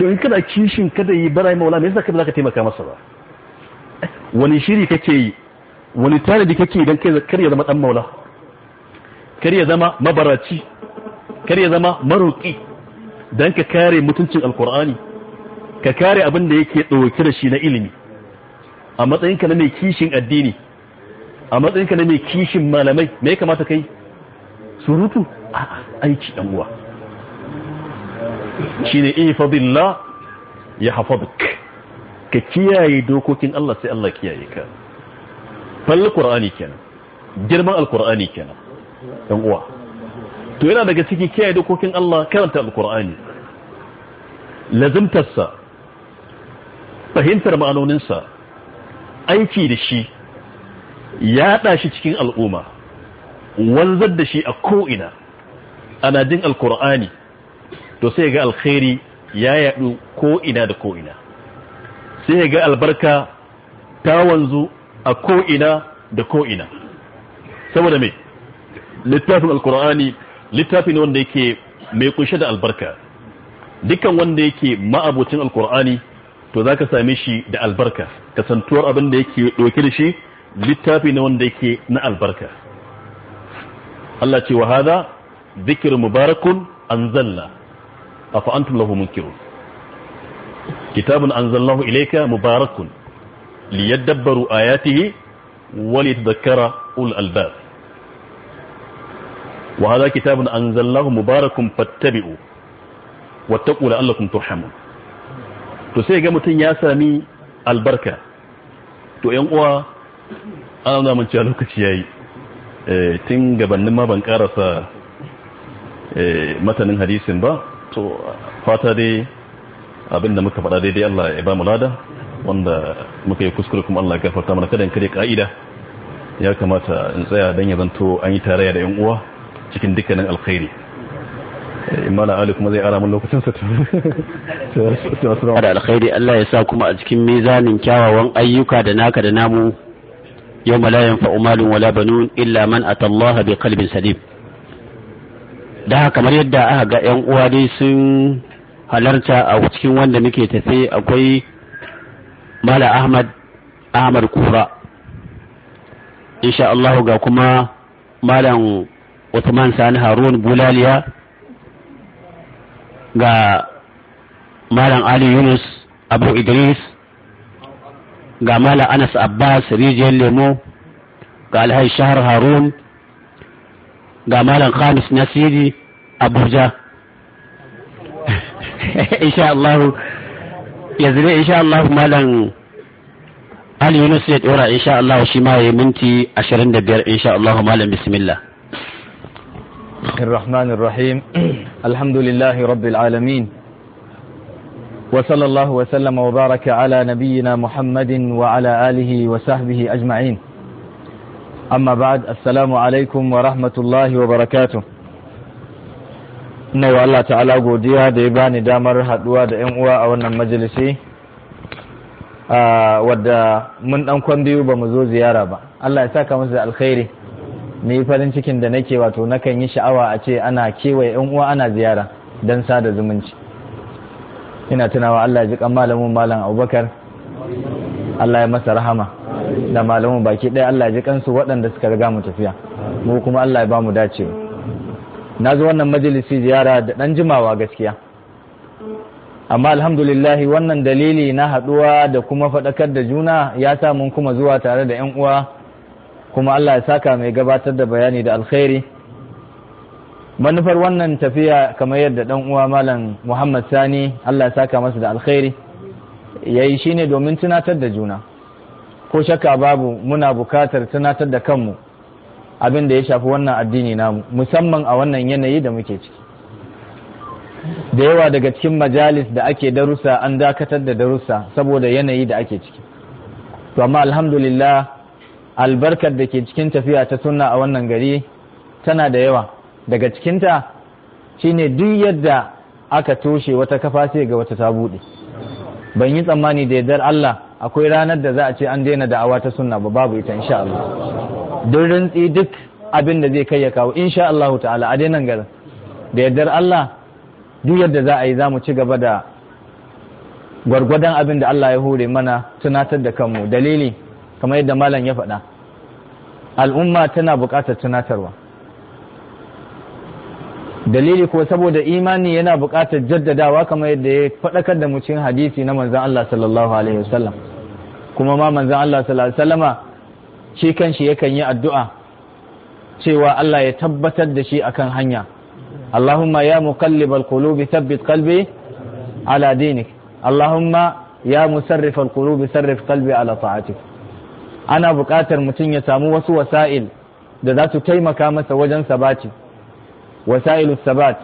to in kana kishin kada yi bara maula me yasa kai ba ka taimaka masa ba wani shiri kake yi wani tanadi kake idan kai kar ya zama dan maula kar ya zama mabaraci kar ya zama maroki dan ka kare mutuncin alkur'ani ka kare abin da yake dauke da shi na ilimi a matsayinka na mai kishin addini a matsayinka na mai kishin malamai me ya kamata kai surutu a aiki dan uwa shine ifadillah ya hafaduk ka kiyaye dokokin Allah sai Allah kiyaye ka fal qur'ani kenan girman alqur'ani kenan ɗan uwa to yana daga ciki kiyaye dokokin Allah karanta alqur'ani lazimtarsa fahimtar ma'anoninsa aiki da shi yaɗa shi cikin al'umma wanzar da shi a ko'ina ana jin alkur'ani to sai ga alkhairi ya yadu ko ina da ko ina sai ga albarka ta wanzu a ko ina da ko ina saboda me littafin alkur'ani littafin wanda yake mai kunshe da albarka dukkan wanda yake ma'abocin alkur'ani to zaka same shi da albarka kasantuwar abin da yake doke da shi littafi ne wanda yake na albarka Allah ce wa hada zikr mubarakun anzalna afa antum lahu munkirun kitabun anzalnahu ilayka mubarakun liyadabbaru ayatihi wa litadhakkara ul albab wa hadha kitabun anzalnahu mubarakun fattabi'u wattaqu la'allakum turhamun to sai ga mutun ya sami albarka to yan uwa an mun cewa lokaci yayi tun gabanin ma ban karasa matanin hadisin ba to fata dai abinda muka faɗa daidai Allah ya ba mu lada wanda muka yi kuskure kuma Allah ya gafarta mana kada in kare ka'ida ya kamata in tsaya dan ya zanto an yi tarayya da yan uwa cikin dukkanin alkhairi eh, imana ali kuma zai ara mun lokacin sa da alkhairi Allah ya sa kuma a cikin mizanin kyawawan ayyuka da naka da namu yawma la yanfa'u malun wala banun illa man atallaha biqalbin salim da kamar yadda aka ga 'yan uwa dai sun halarta a cikin wanda muke tafe akwai mala ahmad ahmad kura insha Allah ga kuma malam Uthman Sani Harun Bulaliya ga malam Ali Yunus Abu Idris ga malam Anas Abbas Rijiyar Lemo ga Alhaji Shahar Harun قامالا خامس نسيدي ابو جا ان شاء الله يزري ان شاء الله مالا هل يونس يتورى ان شاء الله شما يمنتي اشرين دبير ان شاء الله مالا بسم الله الرحمن الرحيم الحمد لله رب العالمين وصلى الله وسلم وبارك على نبينا محمد وعلى آله وصحبه أجمعين Amma بعد السلام alaikum wa rahmatullahi wa barakatu. ina wa Allah ta'ala godiya da ya bani damar haduwa da yan uwa a wannan majalisi wadda mun dan kwan biyu ba mu zo ziyara ba Allah ya saka musu da alkhairi ni farin cikin da nake wato nakan yi sha'awa a ce ana kewaye yan uwa ana ziyara dan sada zumunci ina tunawa Allah ya ji kan malamin malam Abubakar Allah ya masa rahama da malaman baki ɗaya Allah ya ji kansu waɗanda suka riga mu tafiya mu kuma Allah ya ba mu dace na zo wannan majalisi ziyara da ɗan jimawa gaskiya amma alhamdulillahi wannan dalili na haɗuwa da kuma faɗakar da juna ya sa mun kuma zuwa tare da 'yan uwa kuma Allah ya saka mai gabatar da bayani da alkhairi manufar wannan tafiya kamar yadda ɗan uwa malam Muhammad Sani Allah ya saka masa da alkhairi yayi shine domin tunatar da juna ko shakka babu muna bukatar tunatar da kanmu abin da ya shafi wannan addini namu musamman a wannan yanayi da muke ciki da yawa daga cikin majalis da ake darussa an dakatar da darussa saboda yanayi da ake ciki to amma alhamdulillah albarkar da ke cikin tafiya ta sunna a wannan gari tana da yawa daga cikinta shine duk yadda aka toshe wata kafa sai ga wata ta buɗe ban yi tsammani da yardar Allah akwai ranar da za a ce an daina da'awa ta sunna ba babu ita insha Allah duk rintsi duk abin da zai kai ya kawo insha Allah ta'ala a daina garin da yardar Allah duk yadda za a yi za mu ci gaba da gwargwadon abin da Allah ya hore mana tunatar da kanmu dalili kamar yadda malam ya faɗa al'umma tana buƙatar tunatarwa dalili ko saboda imani yana buƙatar jaddadawa kamar yadda ya faɗakar da mu hadisi na manzan Allah sallallahu alaihi wasallam kuma ma manzan Allah sallallahu alaihi wasallama shi kanshi yakan yi addu'a cewa Allah ya tabbatar da shi akan hanya Allahumma ya muqallibal qulubi thabbit qalbi ala dinik Allahumma ya musarrifal qulubi sarrif qalbi ala ta'atik ana buƙatar mutum ya samu wasu wasa'il da za su taimaka masa wajen sabati wasailu sabat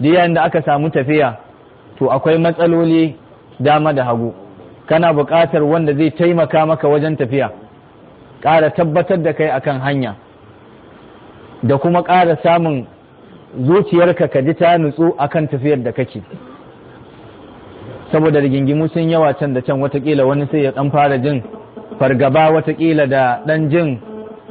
duk da aka samu tafiya to akwai matsaloli dama da hagu kana buƙatar wanda zai taimaka maka wajen tafiya ƙara tabbatar da kai akan hanya da kuma ƙara samun zuciyarka ka ji ta nutsu akan tafiyar da kake saboda rigingimu sun yawa can da can watakila wani sai ya ɗan fara jin fargaba watakila da ɗan jin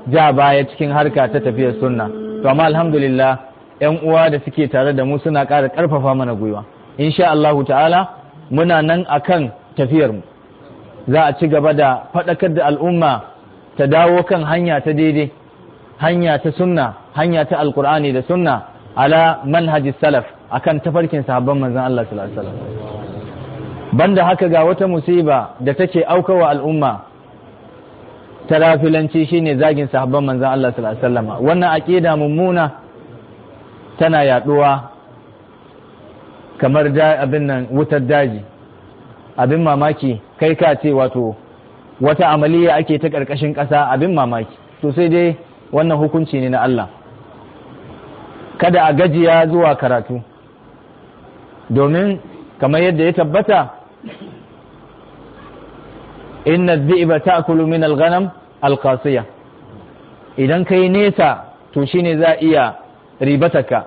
ja baya cikin harka ta tafiyar sunna to amma alhamdulillah yan uwa da suke tare da mu suna ƙara ƙarfafa mana gwiwa insha Allah ta'ala muna nan akan tafiyar mu za a ci gaba da faɗakar da al'umma ta dawo kan hanya ta daidai hanya ta sunna hanya ta alkur'ani da sunna ala manhajis salaf akan tafarkin sahabban manzon Allah sallallahu alaihi wasallam banda haka ga wata musiba da take aukawa al'umma Tarafilanci shine zagin sahabban manzan Allah sallallahu alaihi wasallam wannan aqida mummuna tana yaduwa kamar da abin nan wutar daji abin mamaki kai ka ce wato wata amaliya ake ta karkashin ƙasa abin mamaki to sai dai wannan hukunci ne na Allah kada a gajiya zuwa karatu domin kamar yadda ya tabbata inna dhi'ba ta'kulu min al-ghanam alkasiya idan ka nesa to shine za iya ribataka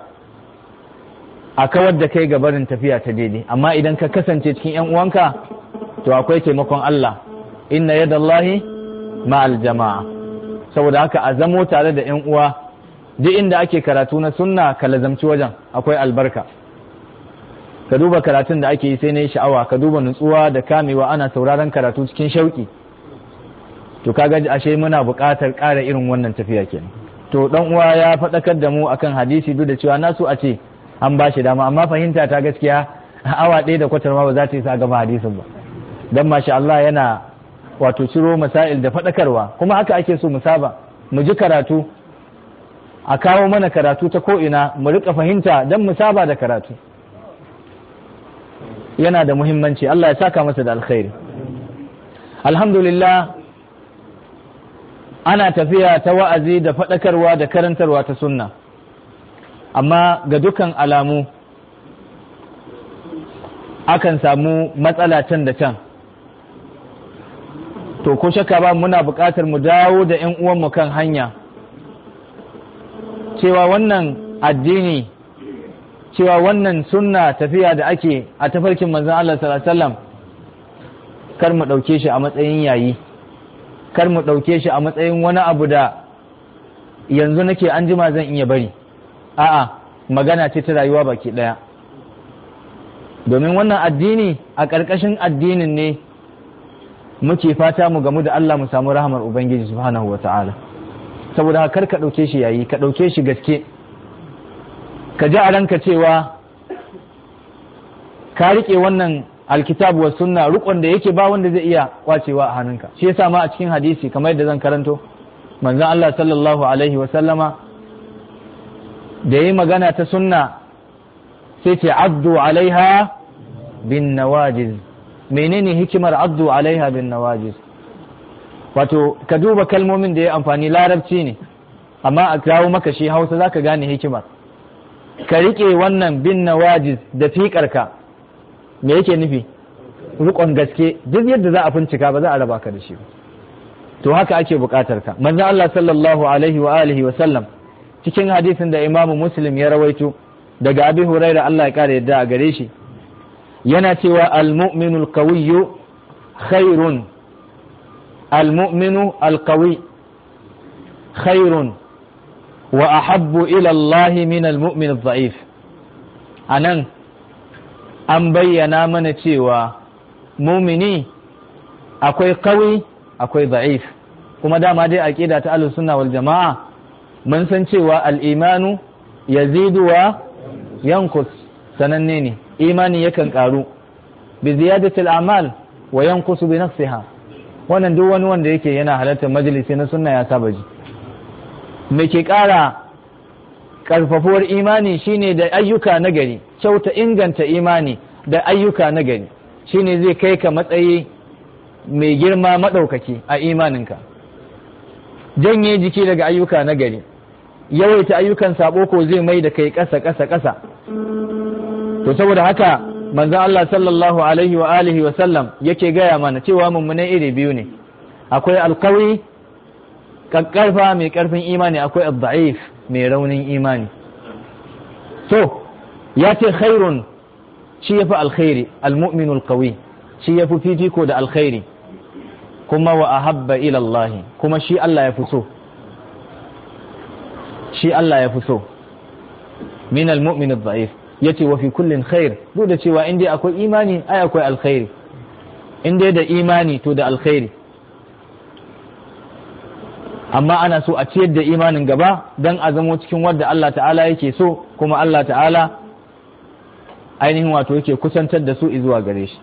a kawar da kai gabarin tafiya ta daidai amma idan ka kasance cikin yan uwanka to akwai taimakon Allah inna yadallahi ma'al jama'a saboda haka a zamo tare da yan uwa duk inda ake karatu na sunna ka lazamci wajen akwai albarka ka duba karatun da ake yi sai na sha'awa ka duba nutsuwa da kamewa ana sauraron karatu cikin shauki to gaji ashe muna buƙatar ƙara irin wannan tafiya kenan to dan uwa ya faɗakar da mu akan hadisi duk da cewa nasu a ce an ba shi dama amma fahimta ta gaskiya awa ɗaya da kwatar ma ba za ta yi sa gama hadisin ba dan masha Allah yana wato ciro masail da faɗakarwa kuma haka ake so mu saba mu ji karatu a kawo mana karatu ta ko'ina mu riƙa fahimta don mu saba da karatu yana da muhimmanci Allah ya saka masa da alkhairi alhamdulillah ana tafiya ta wa'azi da faɗakarwa da karantarwa ta sunna amma ga dukan alamu akan samu matsala can da can to ko shakka ba muna buƙatar mu dawo da 'yan uwanmu kan hanya cewa wannan addini cewa wannan sunna tafiya da ake a tafarkin manzon Allah sallallahu alaihi wasallam kar mu ɗauke shi a matsayin yayi kar mu ɗauke shi a matsayin wani abu da yanzu nake an jima zan iya bari a'a magana ce ta rayuwa baki ɗaya domin wannan addini a ƙarƙashin addinin ne muke fata mu gamu da Allah mu samu rahamar Ubangiji subhanahu wa ta'ala saboda kar ka ɗauke shi yayi ka ɗauke shi gaske ka ji a ranka cewa ka riƙe wannan alkitabu wa sunna rukun da yake ba wanda zai iya kwacewa a hannunka shi yasa ma a cikin hadisi kamar yadda zan karanto manzon Allah sallallahu alaihi wa sallama da yi magana ta sunna sai ce addu alaiha bin nawajiz menene hikimar addu alaiha bin nawajiz wato ka duba kalmomin da ya amfani larabci ne amma a kawo maka shi hausa zaka gane hikimar ka riƙe wannan bin nawajiz da fikarka me yake nufi rukon gaske duk yadda za a fincika ba za a raba ka da shi ba to haka ake bukatar ka manzo Allah sallallahu alaihi wa alihi wa sallam cikin hadisin da Imam Muslim ya rawaito daga Abi Huraira Allah ya kare yadda a gare shi yana cewa al-mu'minu al-qawiyyu khairun al-mu'minu al-qawi khairun wa ahabbu ila Allah min al-mu'min al-dha'if anan an bayyana mana cewa mumini akwai kawai akwai za'if kuma dama dai ƙida ta ahlus wal jamaa mun san cewa al'imanu imanu ziduwa yankus sananne ne imani yakan ƙaru. bi ziyadati al-amal wa yankusu bi nafsiha wannan duk wani wanda yake yana halartar majalisi na sunna ya saba ji me ke ƙara. Ƙarfafuwar imani shine da ayyuka na gari kyauta inganta imani da ayyuka na gari shine zai kai ka matsayi mai girma maɗaukaki a imaninka janye jiki daga ayyuka na gari yawaita ayyukan saɓo ko zai mai da kai ƙasa ƙasa ƙasa to saboda haka manzon Allah sallallahu alaihi wa alihi wa sallam yake gaya mana cewa mummunan iri biyu ne akwai alkawi ƙaƙƙarfa mai ƙarfin imani akwai al daif mai raunin imani to ya ce khairun shi ya fi alkhairi almu'minul qawi shi ya fi fifiko da alkhairi kuma wa ahabba ila Allah kuma shi Allah ya fi so shi Allah ya fi so min almu'min adh-dha'if yace wa fi kullin khair duk da cewa in akwai imani ai akwai alkhairi in da imani to da alkhairi amma ana so a ciyar da imanin gaba don a zamo cikin wadda Allah ta'ala yake so kuma Allah ta'ala ainihin wato yake kusantar da su izuwa gare shi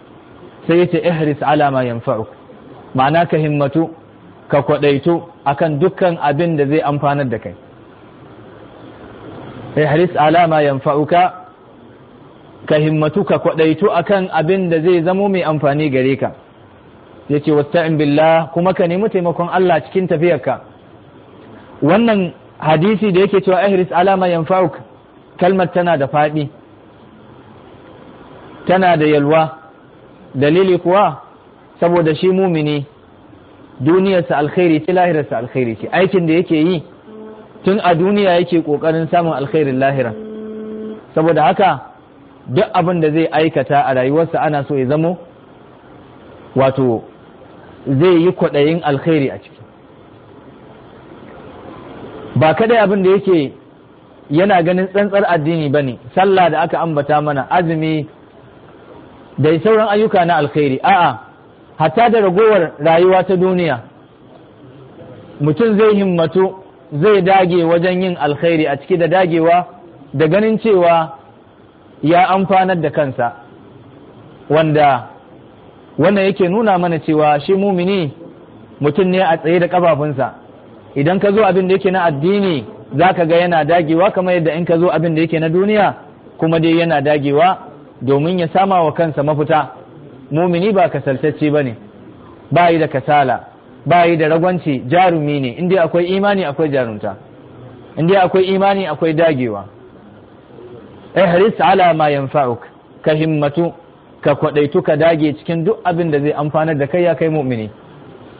sai yace ihris ala ma yanfa'uk ma'ana ka himmatu ka kwadaito akan dukkan abin da zai amfanar da kai ihris ala ma yanfa'uka ka himmatu ka kwadaito akan abin da zai zamo mai amfani gare ka yace wasta'in billah kuma ka nemi taimakon Allah cikin tafiyarka wannan hadisi da yake cewa ihris alama yanfa'uk kalmar tana da faɗi tana da yalwa dalili kuwa saboda shi mumini duniyarsa alkhairi ce lahirarsa alkhairi ce aikin da yake yi tun a duniya yake kokarin samun alkhairin lahira saboda haka duk abin da zai aikata a rayuwarsa ana so ya zamo wato zai yi kwaɗayin alkhairi a ciki ba kadai abin da yake yana ganin tsantsar addini ba ne sallah da aka ambata mana azumi da sauran ayyuka na alkhairi a'a hatta da ragowar rayuwa ta duniya mutum zai himmatu zai dage wajen yin alkhairi a ciki da dagewa da ganin cewa ya amfanar da kansa wanda wannan yake nuna mana cewa shi mumini mutum ne a tsaye da ƙafafunsa idan ka zo abin da yake na addini za ka ga yana dagewa kamar yadda in ka zo abin da yake na duniya kuma dai yana dagewa domin ya sama wa kansa mafita mumini ba kasaltacce ba ne ba yi da kasala ba yi da ragwanci jarumi ne inda akwai imani akwai jarumta inda akwai imani akwai dagewa ihris ala ma yanfa'uk ka himmatu ka kwadaitu ka dage cikin duk abin da zai amfanar da kai ya kai mu'mini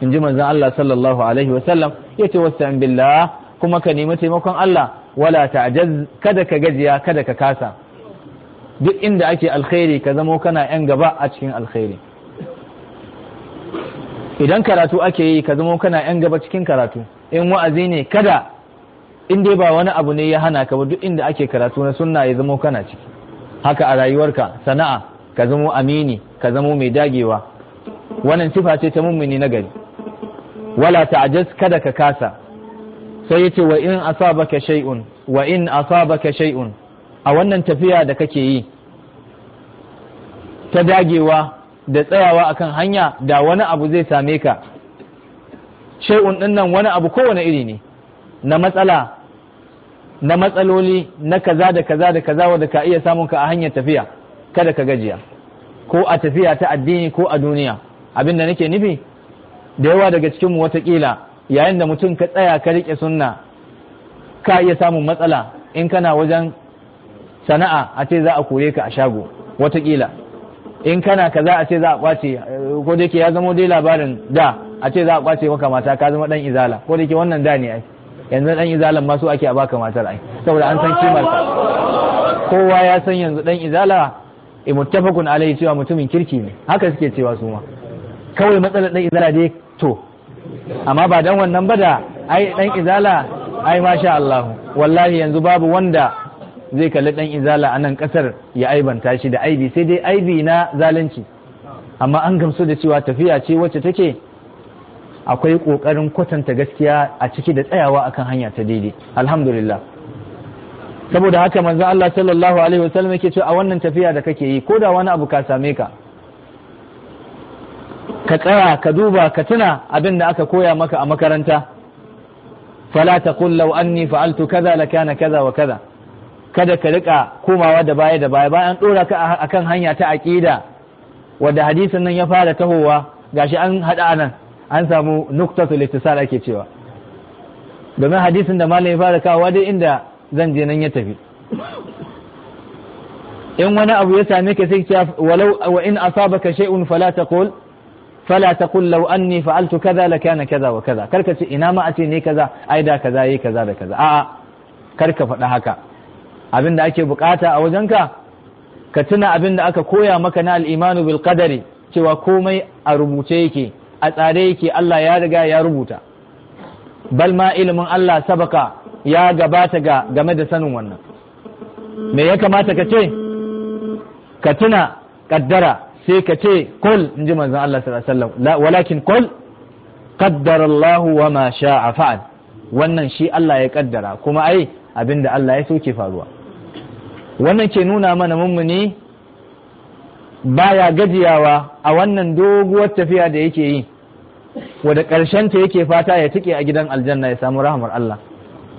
in ji manzon Allah sallallahu alaihi sallam yace wasta'in billah kuma ka nemi taimakon Allah wala ta'jaz kada ka gajiya kada ka kasa duk inda ake alkhairi ka zamo kana yan gaba a cikin alkhairi idan karatu ake yi ka zamo kana yan gaba cikin karatu in wa'azi ne kada in dai ba wani abu ne ya hana ka ba duk inda ake karatu na sunna ya zamo kana ciki haka a rayuwarka sana'a ka zamo amini ka zamo mai dagewa wannan sifa ce ta mummuni na gari wala ta'jaz kada ka kasa sai yace wa in asabaka shay'un wa in asabaka shay'un a wannan tafiya da kake yi ta dagewa da tsayawa akan hanya da wani abu zai same ka shay'un din wani abu kowane iri ne na matsala na matsaloli na kaza da kaza da kaza wanda ka iya samun ka a hanyar tafiya kada ka gajiya ko a tafiya ta addini ko a duniya abin da nake nufi da yawa daga cikinmu watakila yayin da mutum ka tsaya ka rike sunna ka iya samun matsala in kana wajen sana'a a ce za a kore ka a shago watakila in kana kaza a ce za a kwace eh, ko da ke ya zama dai labarin da a ce za a kwace maka mata ka zama dan izala ko da ke wannan da ne ai yanzu dan izalan ma su ake a baka matar ai saboda an san kimar ka kowa ya san yanzu dan izala eh, muttafaqun alaihi cewa mutumin kirki ne haka suke cewa su ma kawai matsalar ɗan izala dai to amma ba dan wannan ba da ai ɗan izala ai masha Allah wallahi yanzu babu wanda zai kalli ɗan izala a nan ƙasar ya aibanta shi da aibi sai dai aibi na zalunci amma an gamsu da cewa tafiya ce wacce take akwai ƙoƙarin kwatanta gaskiya a ciki da tsayawa akan hanya ta daidai alhamdulillah saboda haka manzo Allah sallallahu alaihi wasallam yake cewa a wannan tafiya da kake yi ko da wani abu ka same ka ka tsaya ka duba ka tuna abin da aka koya maka a makaranta fala taqul law anni fa'altu kaza kana kaza wa kaza kada ka rika komawa da baya da baya bayan dora ka akan hanya ta aqida wanda hadisin nan ya fara tahowa gashi an hada nan an samu nuktatul ittisal ake cewa domin hadisin da malam ya fara kawo dai inda zan je nan ya tafi in wani abu ya same ka sai walau wa in asabaka shay'un fala taqul fala ta taqul law anni fa'altu kaza lakana kaza wa kaza karka ce ina ma ce ne kaza ai da kaza yi kaza da kaza a'a karka faɗa haka abin da ake bukata a wajen ka ka tuna abin da aka koya maka na al'imanu bil qadari cewa komai a rubuce yake a tsare yake Allah ya riga ya rubuta bal ma ilimin Allah sabaka ya gabata ga game da sanin wannan me ya kamata ka ce ka tuna kaddara sai ka ce kul in ji manzon Allah sallallahu alaihi wasallam walakin kul qaddara Allah wa ma sha'a fa'al wannan shi Allah ya kaddara kuma ai abinda Allah ya so faruwa wannan ke nuna mana mummuni baya gajiyawa a wannan doguwar tafiya da yake yi wadda ta yake fata ya tike a gidan aljanna ya samu rahamar Allah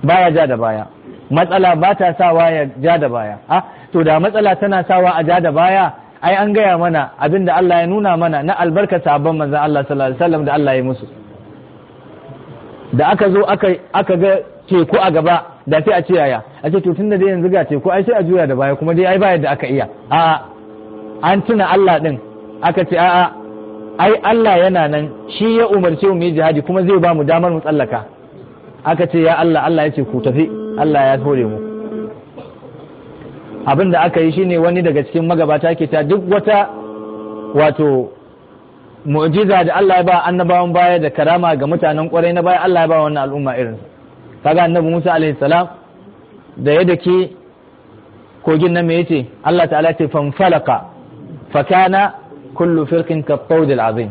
baya ja da baya matsala ba ta sawa ya ja da baya ah, to da matsala tana sawa a ja da baya ai an gaya mana abin da Allah ya nuna mana na albarka sabon manzan Allah sallallahu alaihi wasallam da Allah ya musu da aka zo aka aka ga teku a gaba da sai a ce yaya a ce to tunda dai yanzu ga teku ai sai a juya da baya kuma dai ai ba da aka iya a an tuna Allah din aka ce a'a ai Allah yana nan shi ya umarce mu yi jihadi kuma zai ba mu damar mu tsallaka aka ce ya Allah Allah ya ce ku tafi Allah ya hore mu abin da aka yi shine wani daga cikin magabata ke ta duk wata wato mu'jiza da Allah ya ba annabawan baya da karama ga mutanen kwarai na baya Allah ya ba wannan al'umma irin kaga annabi Musa alaihi salam da ya dake kogin nan me yace Allah ta'ala ce fanfalaka fakana kullu firqin kattawd al'azim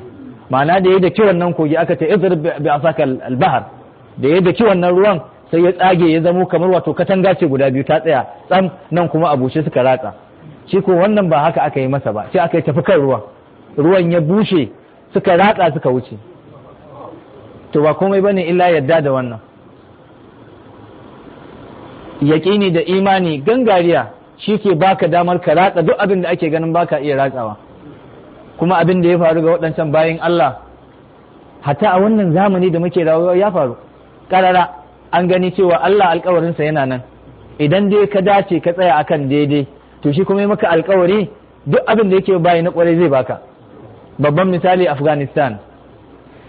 ma'ana da ya dake wannan kogi aka ce idrib bi asaka al da ya dake wannan ruwan sai ya tsage ya zamo kamar wato katanga ce guda biyu ta tsaya tsam nan kuma a bushe suka ratsa shi ko wannan ba haka aka yi masa ba sai aka yi tafi kan ruwan ruwan ya bushe suka ratsa suka wuce to ba komai bane illa yadda da wannan yaƙini da imani gangariya shi ke baka damar ka ratsa duk abin da ake ganin baka iya ratsawa kuma abin da ya faru ga waɗancan bayan Allah hatta a wannan zamani da muke rayuwa ya faru ƙarara an gani cewa Allah sa yana nan idan dai ka dace ka tsaya akan daidai to shi kuma yi maka alkawari duk abin da yake bayi na kwarai zai baka babban misali afghanistan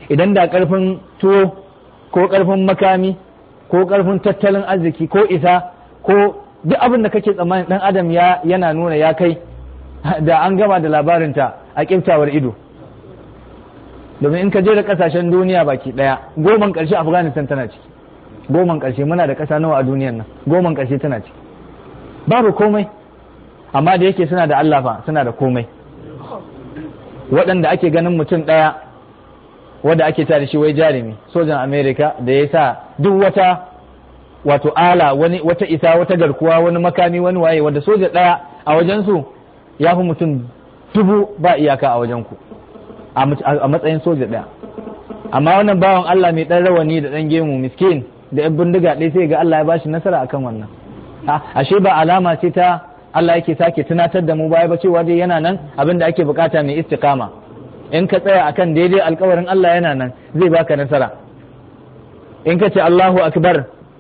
idan da karfin tuwo ko karfin makami ko karfin tattalin arziki ko isa ko duk abin da kake tsammanin dan adam ya yana nuna ya kai da an gama da labarinta a ƙiftawar ido domin in ka je da kasashen duniya baki ɗaya goman karshe afghanistan tana ciki goman ƙarshe muna da ƙasa nawa a duniyan nan goman ƙarshe tana ci babu komai amma da yake suna da Allah fa suna da komai waɗanda ake ganin mutum ɗaya wanda ake tare shi wai jarumi sojan america da ya sa duk wata wato ala wani wata isa wata garkuwa wani makami wani waye wanda soja ɗaya a wajen su ya fi mutum dubu ba iyaka a wajen ku a matsayin soja ɗaya amma wannan bawan Allah mai ɗan rawani da ɗan gemu miskin da yan bindiga ɗaya sai ga Allah ya bashi nasara akan wannan ashe ba alama ce ta Allah yake sake tunatar da mu baya ba cewa dai yana nan abin da ake bukata mai istiqama in ka tsaya akan daidai alkawarin Allah yana nan zai baka nasara in ka ce Allahu akbar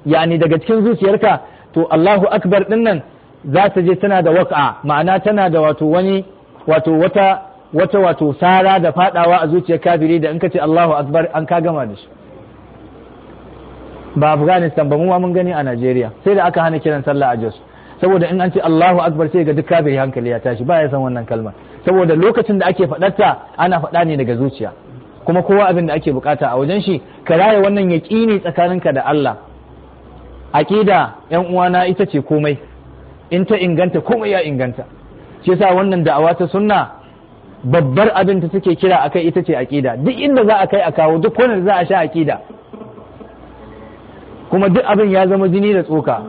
yani daga cikin zuciyarka to Allahu akbar din nan za ta je tana da waka ma'ana tana da wato wani wato wata wata wato sara da fadawa a zuciyar kafiri da in ka ce Allahu akbar an ka gama da shi ba Afghanistan ba mu ma mun gani a Najeriya sai da aka hana kiran sallah a Jos saboda in an ce Allahu Akbar sai ga duk kafiri hankali ya tashi ba ya san wannan kalma saboda lokacin da ake faɗata, ana faɗa ne daga zuciya kuma kowa abin da ake bukata a wajen shi ka raye wannan ne tsakaninka da Allah aqida yan uwana ita ce komai in ta inganta komai ya inganta shi yasa wannan da'awa ta sunna babbar abin ta take kira akai ita ce aqida duk inda za a kai a kawo duk konar za a sha aqida kuma duk abin ya zama jini da tsoka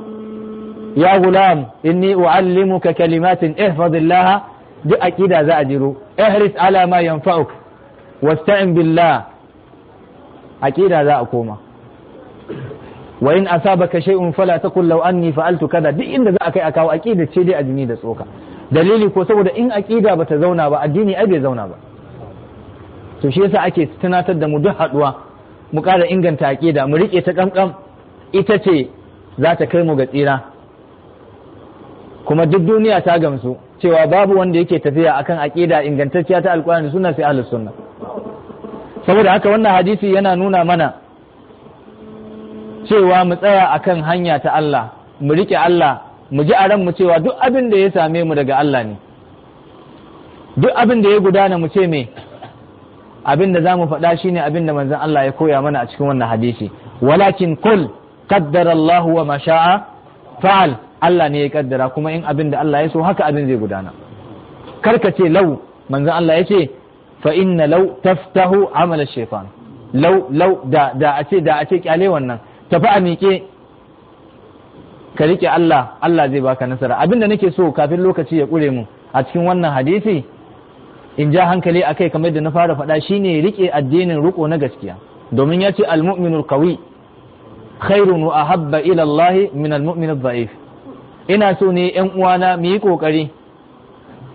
ya gulam inni uallimuka kalimatin ihfazillah duk aqida za a jiro ihris ala ma yanfa'uk wasta'in billah aqida za a koma wa in asabaka shay'un fala taqul law anni fa'altu kada duk inda za a kai a kawo aqida ce dai a jini da tsoka dalili ko saboda in aqida bata zauna ba addini ai bai zauna ba to shi yasa ake tunatar da mu duk haduwa mu ƙara inganta aqida mu rike ta kamkam ita ce za ta kai mu ga tsira kuma duk duniya ta gamsu cewa babu wanda yake tafiya akan aƙida ingantacciya ta alƙwari suna sai ahlus sunna saboda haka wannan hadisi yana nuna mana cewa mu tsaya akan hanya ta Allah mu rike Allah mu ji a mu cewa duk abin da ya same mu daga Allah ne duk abin da ya gudana mu ce me abin da za mu faɗa shi ne abin da manzon Allah ya koya mana a cikin wannan hadisi walakin kul qaddara Allah wa ma fa'al Allah ne ya kaddara kuma in abin da Allah ya so haka abin zai gudana karka ce lau manzon Allah ya ce fa inna lau taftahu amal shaytan lau lau da da a ce da a ce kyale wannan tafi a miƙe ka rike Allah Allah zai baka nasara abin da nake so kafin lokaci ya kure mu a cikin wannan hadisi in ja hankali akai kamar da na fara faɗa shine rike addinin riko na gaskiya domin ya ce almu'minul qawi khairun wa ahabba ila Allah min al-mu'min al dhaif ina so ne yan uwana mu yi kokari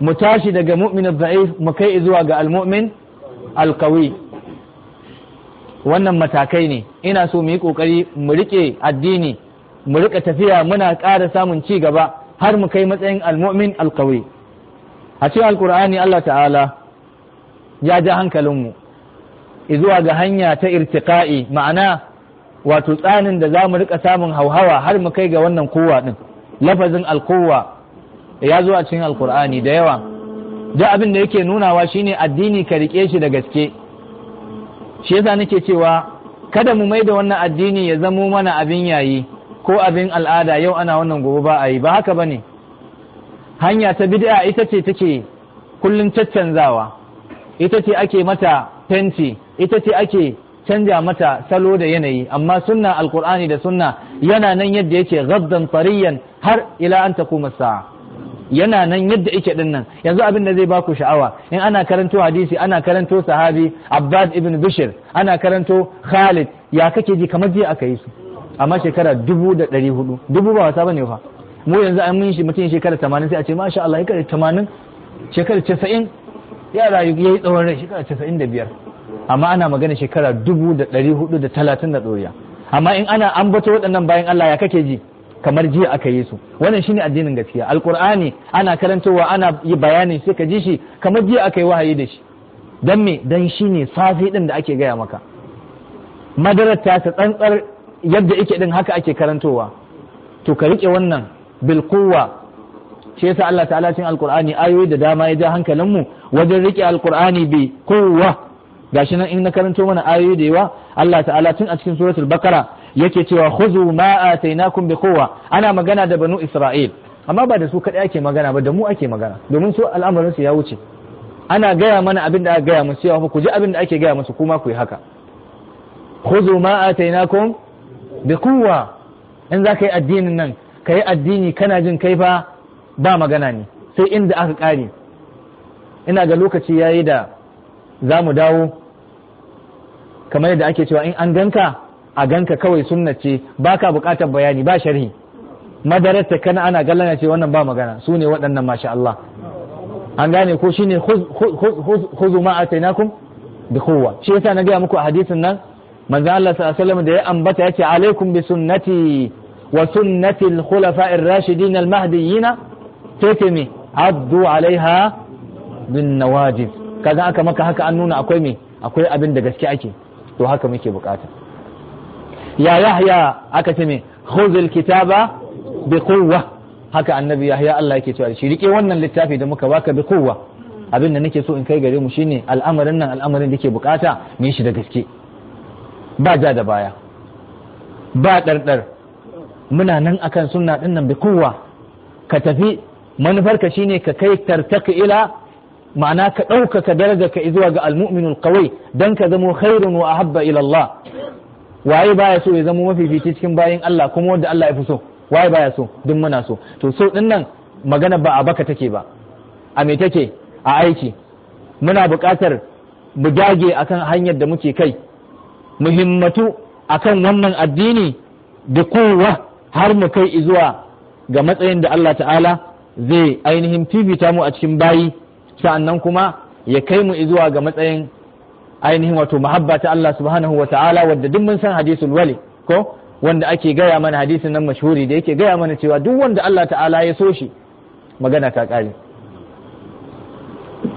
mu tashi daga mu'min al dhaif mu kai zuwa ga al-mu'min al-qawi wannan matakai ne ina so mu yi kokari mu rike addini mu rika tafiya muna ƙara samun ci gaba har mu kai matsayin al-mu'min al-qawi a cikin al-qur'ani Allah ta'ala ya ja hankalinmu zuwa ga hanya ta irtiqa'i ma'ana wato tsanin da za mu rika samun hauhawa har mu kai ga wannan kowa din lafazin alkowa ya zo a cikin alkur'ani da yawa duk abin da yake nunawa shine addini ka rike shi da gaske shi yasa nake cewa kada mu mai da wannan addini ya zamo mana abin yayi ko abin al'ada yau ana wannan gobe ba a yi ba haka bane hanya ta bid'a ita ce take kullum caccanzawa ita ce ake mata fenti ita ce ake canja mata salo da yanayi amma sunna alqur'ani da sunna yana nan yadda yake gaddan tariyan har ila an takuma sa'a yana nan yadda yake din nan yanzu abin da zai ba ku sha'awa in ana karanto hadisi ana karanto sahabi abbad ibn bishr ana karanto khalid ya kake ji kamar jiya aka yi su amma shekara dubu da ɗari hudu dubu ba wasa bane fa mu yanzu an mun shi mutum shekara tamanin sai a ce masha Allah shekara tamanin shekara casa'in ya rayu ya yi tsawon rai shekara casa'in da biyar amma ana magana shekara dubu da ɗari hudu da talatin da ɗoriya amma in ana ambato waɗannan bayan Allah ya kake ji kamar jiya aka yi su wannan shine addinin gaskiya alqur'ani ana karantowa ana yi bayani sai ka ji shi kamar jiya aka yi wahayi da shi dan me dan shine safe din da ake gaya maka madarar ta ta tsantsar yadda ike din haka ake karantowa to ka rike wannan bilkuwa shi yasa Allah ta'ala cikin alqur'ani ayoyi da dama ya ja hankalin mu wajen rike alqur'ani bi kowa gashi nan in na karanto mana ayoyi da yawa Allah ta'ala tun a cikin suratul bakara yake cewa khuzu ma atainakum bi kowa ana magana da banu isra'il amma ba da su kadai ake magana ba da mu ake magana domin su al'amarin su ya wuce ana gaya mana abin da aka gaya musu cewa ku ji abin da ake gaya musu kuma ku yi haka khuzu ma atainakum bi kowa in za ka yi addinin nan ka yi addini kana jin kai fa ba magana ne sai inda aka kare ina ga lokaci ya yi da za mu dawo kamar yadda ake cewa in an ganka a ganka kawai sunna ce ba ka buƙatar bayani ba sharhi madarar ta kana ana gallana ce wannan ba magana su ne waɗannan masha Allah an gane ko shine khuzu ma tainakun da kowa shi yasa na gaya muku a hadisin nan manzan Allah sallallahu da ya ambata ya ce alaikum bi sunnati wa sunnati al-khulafa'i rashidin al sai ce me addu alaiha bin nawajib kaga aka maka haka an nuna akwai me akwai abin da gaske ake to haka muke bukata ya yahya aka ce me khudhil kitaba bi quwwa haka annabi yahya Allah yake cewa shi rike wannan littafi da muka baka bi quwwa abin da nake so in kai gare mu shine al'amarin nan al'amarin da ke bukata ne shi da gaske ba ja da baya ba ɗarɗar muna nan akan sunna dinnan nan bi quwwa ka tafi manufarka shine ka kai tartaka ila ma'ana ka ɗaukaka darajarka zuwa ga almu'minul kawai dan ka zamo khairun wa ahabba ila Allah waye baya so ya zama mafifici cikin bayin Allah kuma wanda Allah ya fi so waye baya so duk muna so to so din nan magana ba a baka take ba a me take a aiki muna buƙatar mu dage akan hanyar da muke kai muhimmatu akan wannan addini da kowa har mu kai zuwa ga matsayin da Allah ta'ala zai ainihin fifita mu a cikin bayi sa'annan kuma ya kai mu zuwa ga matsayin ainihin wato mahabba ta Allah subhanahu wa ta'ala wadda duk mun san hadisul wali ko wanda ake gaya mana hadisin nan mashhuri da yake gaya mana cewa duk wanda Allah ta'ala ya so shi magana ta kare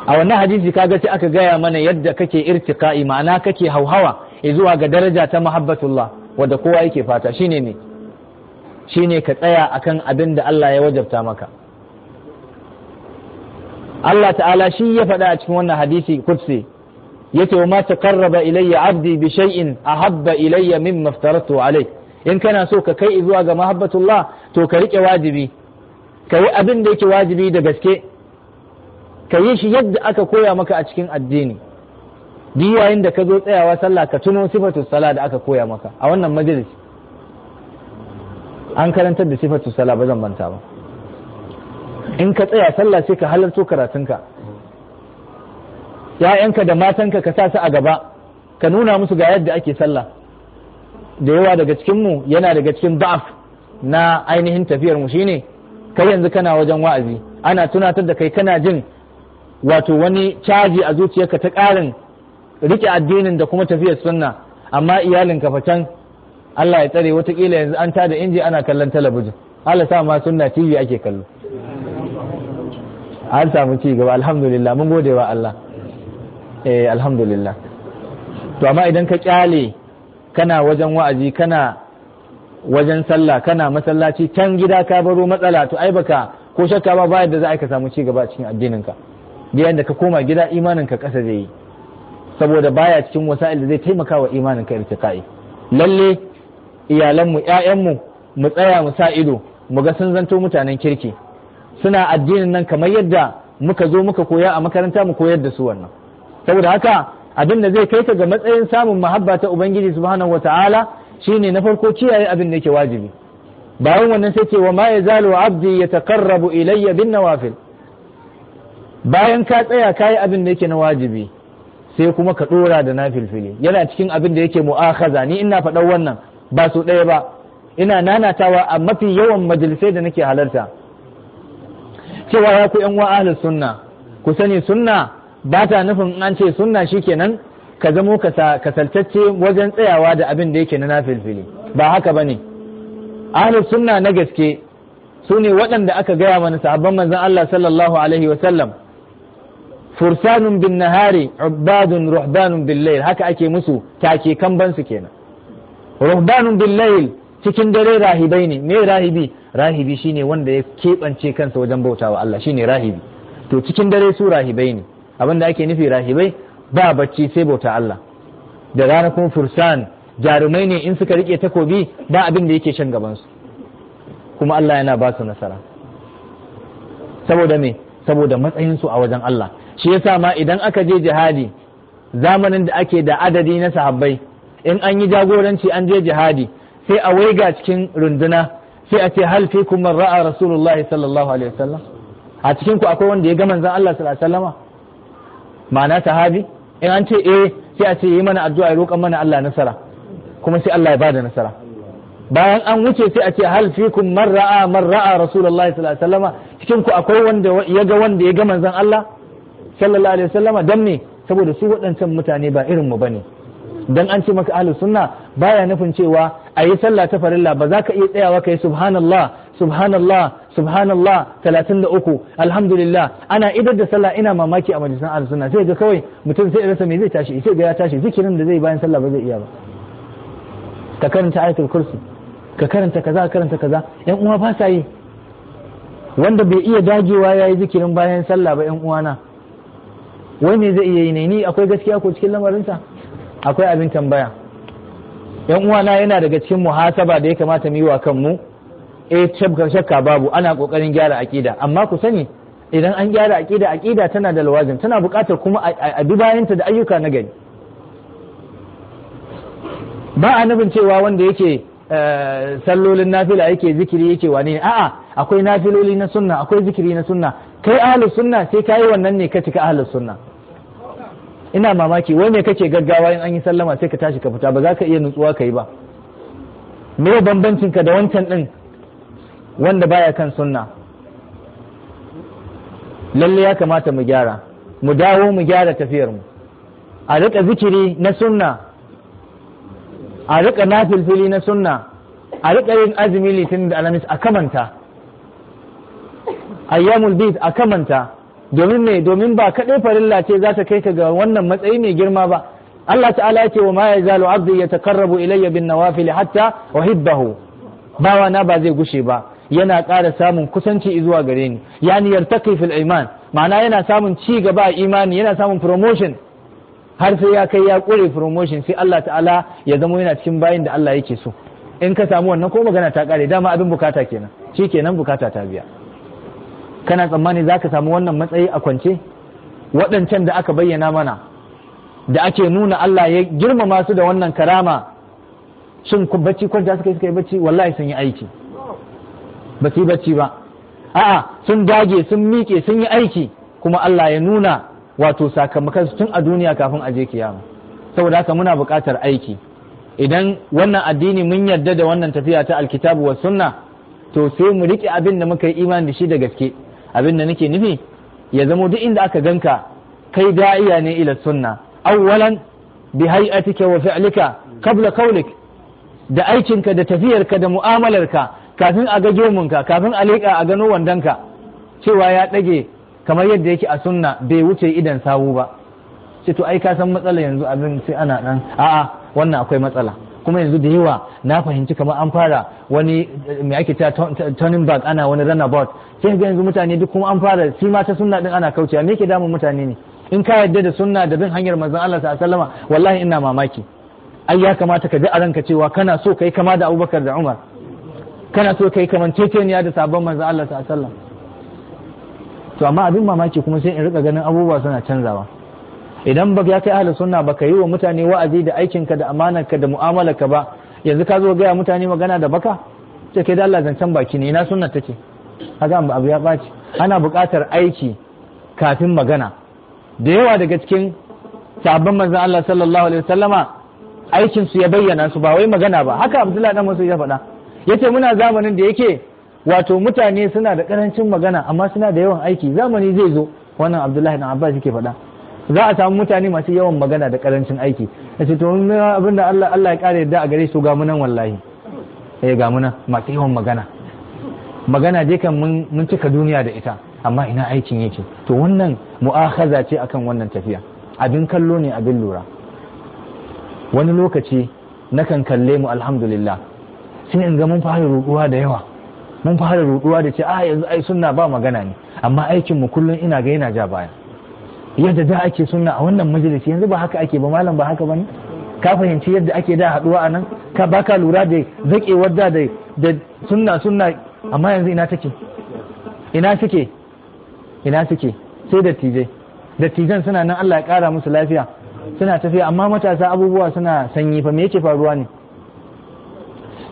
a wannan hadisi kaga sai aka gaya mana yadda kake irtiqa'i ma'ana kake hauhawa zuwa ga daraja ta mahabbatullah wadda kowa yake fata shine ne shine ka tsaya akan abin da Allah ya wajabta maka Allah ta'ala shi ya faɗa a cikin wannan hadisi kudsi yace wa ma karraba ilayya 'abdi bi shay'in ahabba ilayya min maftaratu Alai in kana so ka kai zuwa ga mahabbatullah to ka rike wajibi ka yi abin da yake wajibi da gaske ka yi shi yadda aka koya maka a cikin addini duk yayin da ka zo tsayawa sallah ka tuno sifatu sala da aka koya maka a wannan majalis an karantar da sifatu sala ba zan manta ba in ka tsaya sallah sai ka halarto karatunka ‘ya'yanka da matanka ka sa su a gaba ka nuna musu ga yadda ake sallah da yawa daga cikinmu yana daga cikin ba'af na ainihin tafiyar mu shine kai yanzu kana wajen wa'azi ana tunatar da kai kana jin wato wani caji a zuciyarka ta ƙarin rike addinin da kuma tafiyar sunna amma iyalin ka Allah ya tsare watakila yanzu an tada inji ana kallon talabijin Allah sa ma sunna TV ake kallo an samu ci gaba alhamdulillah mun gode wa Allah eh alhamdulillah to amma idan ka kyale kana wajen wa'azi kana wajen sallah kana masallaci can gida ka baro matsala to ai baka ko shakka ba ba yadda za ka samu ci gaba cikin addinin ka yayin da ka koma gida imanin ka kasa zai yi saboda baya cikin wasa'il da zai taimaka wa imanin ka irtiqai lalle iyalanmu ƴaƴanmu mu tsaya mu sa ido mu ga sun zanto mutanen kirki suna addinin nan kamar yadda muka zo muka koya a makaranta mu koyar da su wannan saboda haka abin da zai kai ka ga matsayin samun mahabba ta ubangiji subhanahu wataala shine na farko kiyaye abin da yake wajibi bayan wannan sai ce wa ma yazalu abdi yataqarrabu ilayya bin nawafil bayan ka tsaya kayi abin da yake na wajibi sai kuma ka dora da nafilfili yana cikin abin da yake mu'akhaza ni ina faɗar wannan ba su ɗaya ba ina nanatawa a mafi yawan majalisai da nake halarta cewa ya ku yan ahlus sunna ku sani sunna ba ta nufin an ce sunna shikenan ka zamo saltacce wajen tsayawa da abin da yake na nafilfili ba haka ba ne ahlus sunna na gaske su ne waɗanda aka gaya mana sahabban manzon Allah sallallahu alaihi wa sallam fursanun bin nahari ubadun ruhbanun bil haka ake musu take kan bansu kenan ruhbanun bil cikin dare rahibai ne me rahibi rahibi shine wanda ya keɓance kansa wajen bauta wa Allah shine rahibi to cikin dare su rahibai ne abinda ake nufi rahibai ba bacci sai bauta Allah da rana kuma fursan jarumai ne in suka rike takobi ba abin da yake shan gaban su kuma Allah yana ba su nasara saboda me saboda matsayin su a wajen Allah shi yasa ma idan aka je jihadi zamanin da ake da adadi na sahabbai in an yi jagoranci an je jihadi sai a waiga cikin runduna sai a ce hal fi kuma ra'a rasulullahi sallallahu alaihi wasallam a cikin ku akwai wanda ya ga manzon Allah sallallahu alaihi wasallama ma'ana sahabi in an ce eh sai a ce yi mana addu'a ya roƙa mana Allah nasara kuma sai Allah ya bada nasara bayan an wuce sai a ce hal fi fikum man ra'a man ra'a rasulullahi sallallahu alaihi wasallama cikin ku akwai wanda ya ga wanda ya ga manzon Allah sallallahu alaihi wasallama dan ne saboda su waɗancan mutane ba irin mu bane dan an ce maka ahlus sunna baya nufin cewa a yi sallah ta farilla ba za ka iya tsayawa ka yi subhanallah subhanallah subhanallah 33 alhamdulillah ana idar da sallah ina mamaki a majalisan ahlus sai ga kawai mutum sai rasa me zai tashi sai ga ya tashi zikirin da zai bayan sallah ba zai iya ba ka karanta ayatul kursi ka karanta kaza ka karanta kaza yan uwa ba sa yi wanda bai iya dagewa yayi zikirin bayan sallah ba yan uwana wai me zai iya yi ne ni akwai gaskiya ko cikin lamarinsa akwai abin tambaya yan uwana yana daga cikin muhasaba da ya kamata mu yi wa kanmu eh shakka babu ana kokarin gyara akida amma ku sani idan an gyara akida akida tana da lawazin tana buƙatar kuma a bayanta da ayyuka na gari ba a nufin cewa wanda yake eh, sallolin nafila yake zikiri yake wane ne a'a akwai nafiloli na sunna akwai zikiri na sunna kai ahlus sunna sai kai wannan ne ka cika ahlus sunna ina mamaki wai me kake gaggawa in an yi sallama sai ka tashi ka fita ba za ka iya nutsuwa ka yi ba me bambancin ka da wancan din wanda baya kan sunna lalle ya kamata mu gyara mu dawo mu gyara tafiyar mu a rika zikiri na sunna a rika nafilfili na sunna a rika yin azumi litinin da alamis a kamanta ayyamul bid a kamanta domin me domin ba kaɗai farilla ce za ta kai ka ga wannan matsayi mai girma ba Allah ta'ala ya ce wa ma yazalu abdi yataqarrabu ilayya bin nawafil hatta uhibbahu bawa na ba zai gushe ba yana ƙara samun kusanci zuwa gare ni yani yartaqi fil iman ma'ana yana samun ci gaba a imani yana samun promotion har sai ya kai ya kure promotion sai Allah ta'ala ya zama yana cikin bayin da Allah yake so in ka samu wannan ko magana ta ƙare dama abin bukata kenan shi kenan bukata ta biya kana tsammani za ka samu wannan matsayi a kwance waɗancan da aka bayyana mana da ake nuna Allah ya girmama su da wannan karama sun bacci kwanta suka yi suka yi bacci wallahi sun yi aiki ba su yi bacci ba a'a sun dage sun miƙe sun yi aiki kuma Allah ya nuna wato sakamakon tun a duniya kafin a je kiyama saboda haka muna buƙatar aiki idan wannan addini mun yarda da wannan tafiya ta alkitabu wa sunna to sai mu riƙe abin da muka yi imani da shi da gaske abin da nake nufi ya zamo duk inda aka ganka kai da'iya ne ila sunna awwalan bi hay'atika wa fi'lika qabla qawlik da aikinka da tafiyarka da mu'amalarka kafin a ga gemunka kafin a leƙa a gano ka cewa ya ɗage kamar yadda yake a sunna bai wuce idan sawu ba ce to ai ka san matsala yanzu abin sai ana nan a'a wannan akwai matsala kuma yanzu da yawa na fahimci kamar an fara wani eh, mai ake ta turning back ana wani runabout sai ga yanzu mutane duk kuma an fara shi ma ta sunna din ana kaucewa me yake damun mutane ne in ka yadda da sunna da bin hanyar manzon Allah sallallahu alaihi wasallama wallahi ina mamaki ai ya kamata ka ji a ranka cewa kana so kai kama da Abubakar da Umar kana so kai kaman ceceniya da sabon manzon Allah sallallahu alaihi wasallam to amma abin mamaki kuma sai in rika ganin abubuwa suna canzawa idan ba ya kai ahli sunna ba ka yi wa mutane wa'azi da aikinka da amanarka da mu'amalarka ba yanzu ka zo gaya mutane magana da baka sai kai da Allah zancen baki ne ina sunna take ba abu ya ɓaci ana buƙatar aiki kafin magana da yawa daga cikin sabon manzon Allah sallallahu alaihi wasallama aikin su ya bayyana su ba wai magana ba haka Abdullahi dan Mas'ud ya faɗa yace muna zamanin da yake wato mutane suna da ƙarancin magana amma suna da yawan aiki zamani zai zo wannan Abdullahi dan Abbas yake faɗa za a samu mutane masu yawan magana da ƙarancin aiki yace to abinda Allah ya kare yadda a gare su ga munan wallahi eh ga munan masu yawan magana magana dai kan mun cika duniya da ita amma ina aikin yake to wannan mu'akhaza ce akan wannan tafiya abin kallo ne abin lura wani lokaci na kan kalle mu alhamdulillah sai in ga mun fara ruduwa da yawa mun fara ruduwa da ce a ah, yanzu ai sunna ba magana ne amma aikin mu kullum ina ga yana ja baya yadda da ake sunna a wannan majalisi yanzu ba haka ake ba malam ba haka bane ka fahimci yadda ake da haduwa a nan ka baka lura da zaƙewar da da sunna sunna amma yanzu ina take ina suke ina suke sai dattijai dattijan suna nan Allah ya kara musu lafiya suna tafiya amma matasa abubuwa suna sanyi fa me yake faruwa ne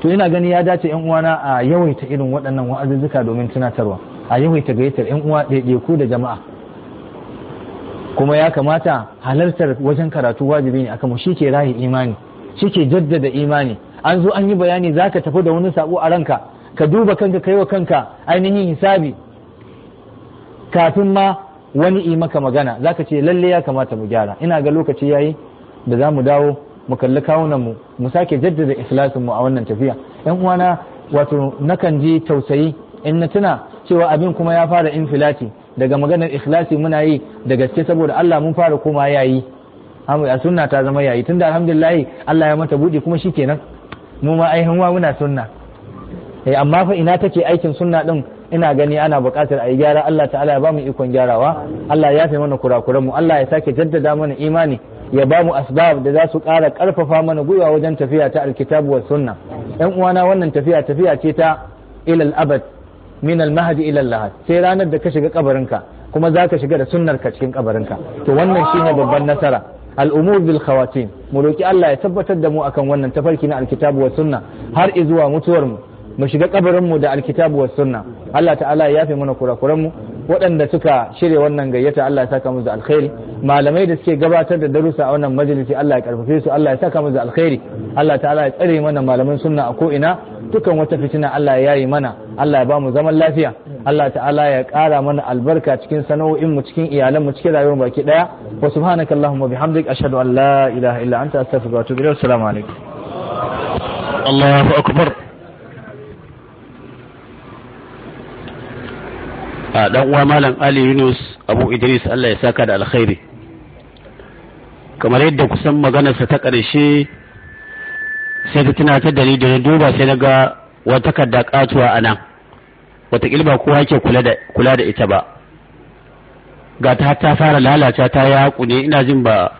to ina gani ya dace yan uwana a yawaita irin waɗannan wa'azuzzuka domin tunatarwa a yawaita gayyatar yan uwa ku da jama'a kuma ya kamata halartar wajen karatu wajibi ne akan mu shi ke rahi imani shi ke jaddada imani an zo an yi bayani zaka tafi da wani sabo a ranka ka duba kanka kai wa kanka ainihin hisabi kafin ma wani yi maka magana ka ce lalle ya kamata mu gyara ina ga lokaci yayi da za mu dawo mu kalli kawunanmu mu sake jaddada ikhlasin mu a wannan tafiya yan uwana wato nakan ji tausayi in na tuna cewa abin kuma ya fara infilati daga maganar ikhlasi muna yi da gaske saboda Allah mun fara koma yayi a sunna ta zama yayi tunda alhamdulillah Allah ya mata buɗe kuma shikenan mu ma ai hanwa muna sunna eh amma fa ina take aikin sunna din ina gani ana buƙatar a yi gyara Allah ta'ala ya ba mu ikon gyarawa Allah ya fi mana kurakuran mu Allah ya sake jaddada mana imani ya ba mu asbab da za su ƙara ƙarfafa mana gwiwa wajen tafiya ta alkitabu wa sunna ɗan uwana wannan tafiya tafiya ce ta ilal abad min al mahdi ila lahad sai ranar da ka shiga kabarinka kuma za ka shiga da sunnar ka cikin kabarinka to wannan shine babban nasara umur bil khawatim mu roki Allah ya tabbatar da mu akan wannan tafarki na alkitabu wa sunna har izuwa mutuwar mu mu shiga kabarin mu da alkitabu was sunna Allah ta'ala ya yafe mana kurakuran mu waɗanda suka shirya wannan gayyata Allah ya saka musu da alkhairi malamai da suke gabatar da darussa a wannan majalisi Allah ya karfafe su Allah ya saka musu da alkhairi Allah ta'ala ya tsare mana malaman sunna a ko ina dukan wata fitina Allah ya yi mana Allah ya ba mu zaman lafiya Allah ta'ala ya ƙara mana albarka cikin sana'o'in mu cikin iyalan mu cikin rayuwar baki daya wa subhanaka bihamdik ashhadu an la ilaha illa anta astaghfiruka wa atubu ilayk assalamu alaikum Allahu akbar a dan uwa malam Ali Yunus Abu Idris Allah ya saka da alkhairi kamar yadda kusan maganarsa ta ƙarshe sai ta tunatar da ni da duba sai na ga wata kadda katuwa a nan wataƙil ba kowa ke kula da ita ba ga ta ta fara lalata ta ya ne ina jin ba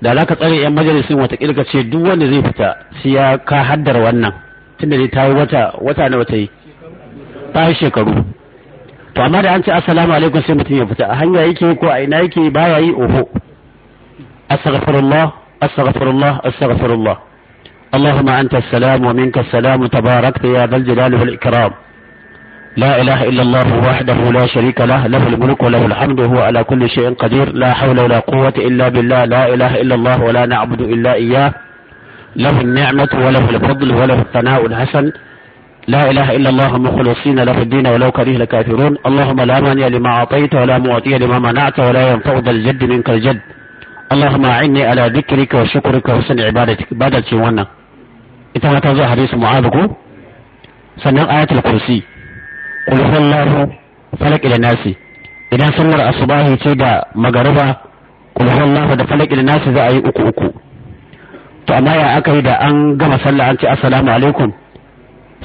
da za ka tsare 'yan majalisin wataƙil ka ce duk wanda zai fita sai ya ka haddar wannan tunda dai ta yi wata wata na wata yi ta shekaru to amma da an ce assalamu alaikum sai mutum ya fita a hanya yake ko a ina yake baya yi oho astaghfirullah astaghfirullah astaghfirullah اللهم أنت السلام ومنك السلام تباركت يا ذا الجلال والإكرام لا إله إلا الله وحده لا شريك له له الملك وله الحمد وهو على كل شيء قدير لا حول ولا قوة إلا بالله لا إله إلا الله ولا نعبد إلا إياه له النعمة وله الفضل وله الثناء الحسن لا إله إلا الله مخلصين له الدين ولو كره لكافرون اللهم لا مانع لما أعطيت ولا معطي لما منعت ولا ينفع ذا الجد منك الجد اللهم أعني على ذكرك وشكرك وحسن عبادتك بعد الشيوانا إذا تنزل حديث معاذك سنن آية الكرسي قل هو الله فلك إلى الناس إذا سمر أصباه تيجا مغربا قل هو الله فلك إلى الناس ذا أي أكو أكو فأما يا أكيد أن قم صلى أنت السلام عليكم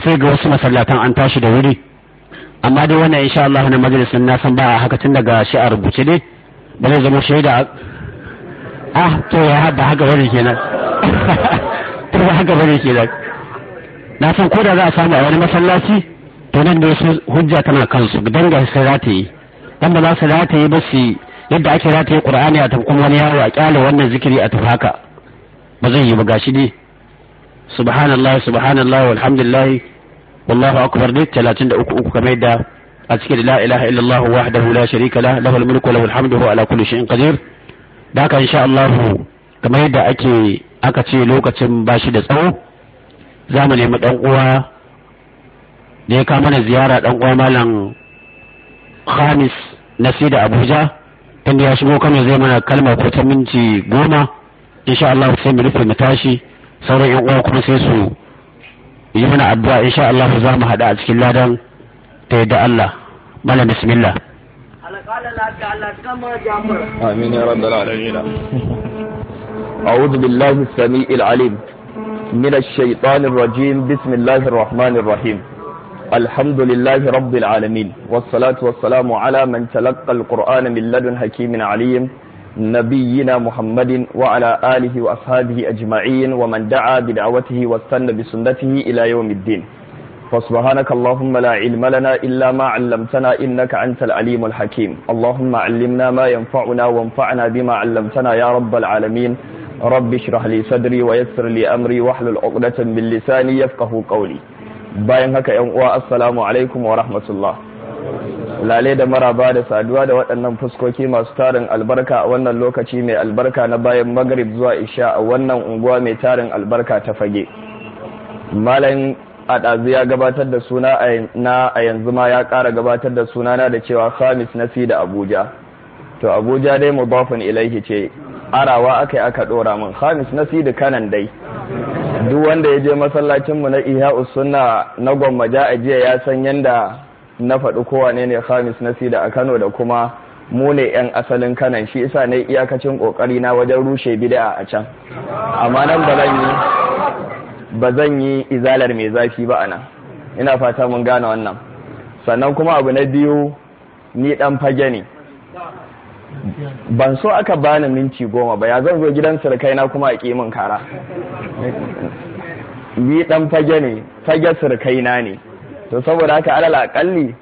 sai ga wasu masallatan an tashi da wuri amma dai wannan insha Allah na majalisin na san ba haka tun daga shi a rubuce ne ba zai zama shaida ah to ya ba haka bane kenan to ba haka bane kenan na san ko da za a samu a wani masallaci to nan ne su hujja tana kansu dan ga sai za ta yi dan ba za su za ta yi ba su yadda ake za ta yi qur'ani a tafkun kuma wani yawo a kyale wannan zikiri a tafaka ba zai yi ba gashi ne subhanallah subhanallah walhamdulillah wallahu akbar duk 33 kamar da a cikin la ilaha illallah wahdahu la sharika la lahul mulku wa lahul hamdu wa ala kulli shay'in qadir da haka insha Allah kamar yadda ake aka ce lokacin bashi da tsawo za mu nemi dan uwa da ya kama na ziyara dan uwa malam Khamis Nasida Abuja tunda ya shigo Kano zai mana kalma ko ta minti goma insha Allah sai mu rufe mu tashi sauran yan uwa kuma sai su yi mana addu'a insha Allah za mu hada a cikin ladan ta yadda Allah mala bismillah amin ya rabbal alamin a'udhu billahi samii'il alim من الشيطان الرجيم بسم الله الرحمن الرحيم الحمد لله رب العالمين والصلاة والسلام على من تلقى القرآن نبينا محمد وعلى آله وأصحابه أجمعين ومن دعا بدعوته واستنى بسنته إلى يوم الدين فسبحانك اللهم لا علم لنا إلا ما علمتنا إنك أنت العليم الحكيم اللهم علمنا ما ينفعنا وانفعنا بما علمتنا يا رب العالمين رب اشرح لي صدري ويسر لي أمري واحلل عقدة من لساني يفقه قولي باين هكا يوم السلام عليكم ورحمة الله lale da maraba da saduwa da waɗannan fuskoki masu tarin albarka a wannan lokaci mai albarka na bayan magarib zuwa isha a wannan unguwa mai tarin albarka ta fage malam adazu ya gabatar da suna na a yanzu ma ya ƙara gabatar da suna na da cewa khamis na fi da abuja to abuja dai mubafin ilaihi ce arawa aka yi aka ɗora min khamis na fi da kanan dai duk wanda ya je masallacinmu na iya usunna na gwammaja a jiya ya san yadda. na faɗi kowane ne khamis na sida a kano da kuma mu ne 'yan asalin kanan shi isa ne iyakacin ƙoƙari na wajen rushe bid'a a can amma nan ba zan yi izalar mai zafi ba a nan ina fata mun gane wannan sannan kuma abu na biyu ni dan fage ne ban so aka bani minti goma ba ya zan zo gidan na kuma a kimin kara ni dan fage ne fage na ne to saboda haka alal akalli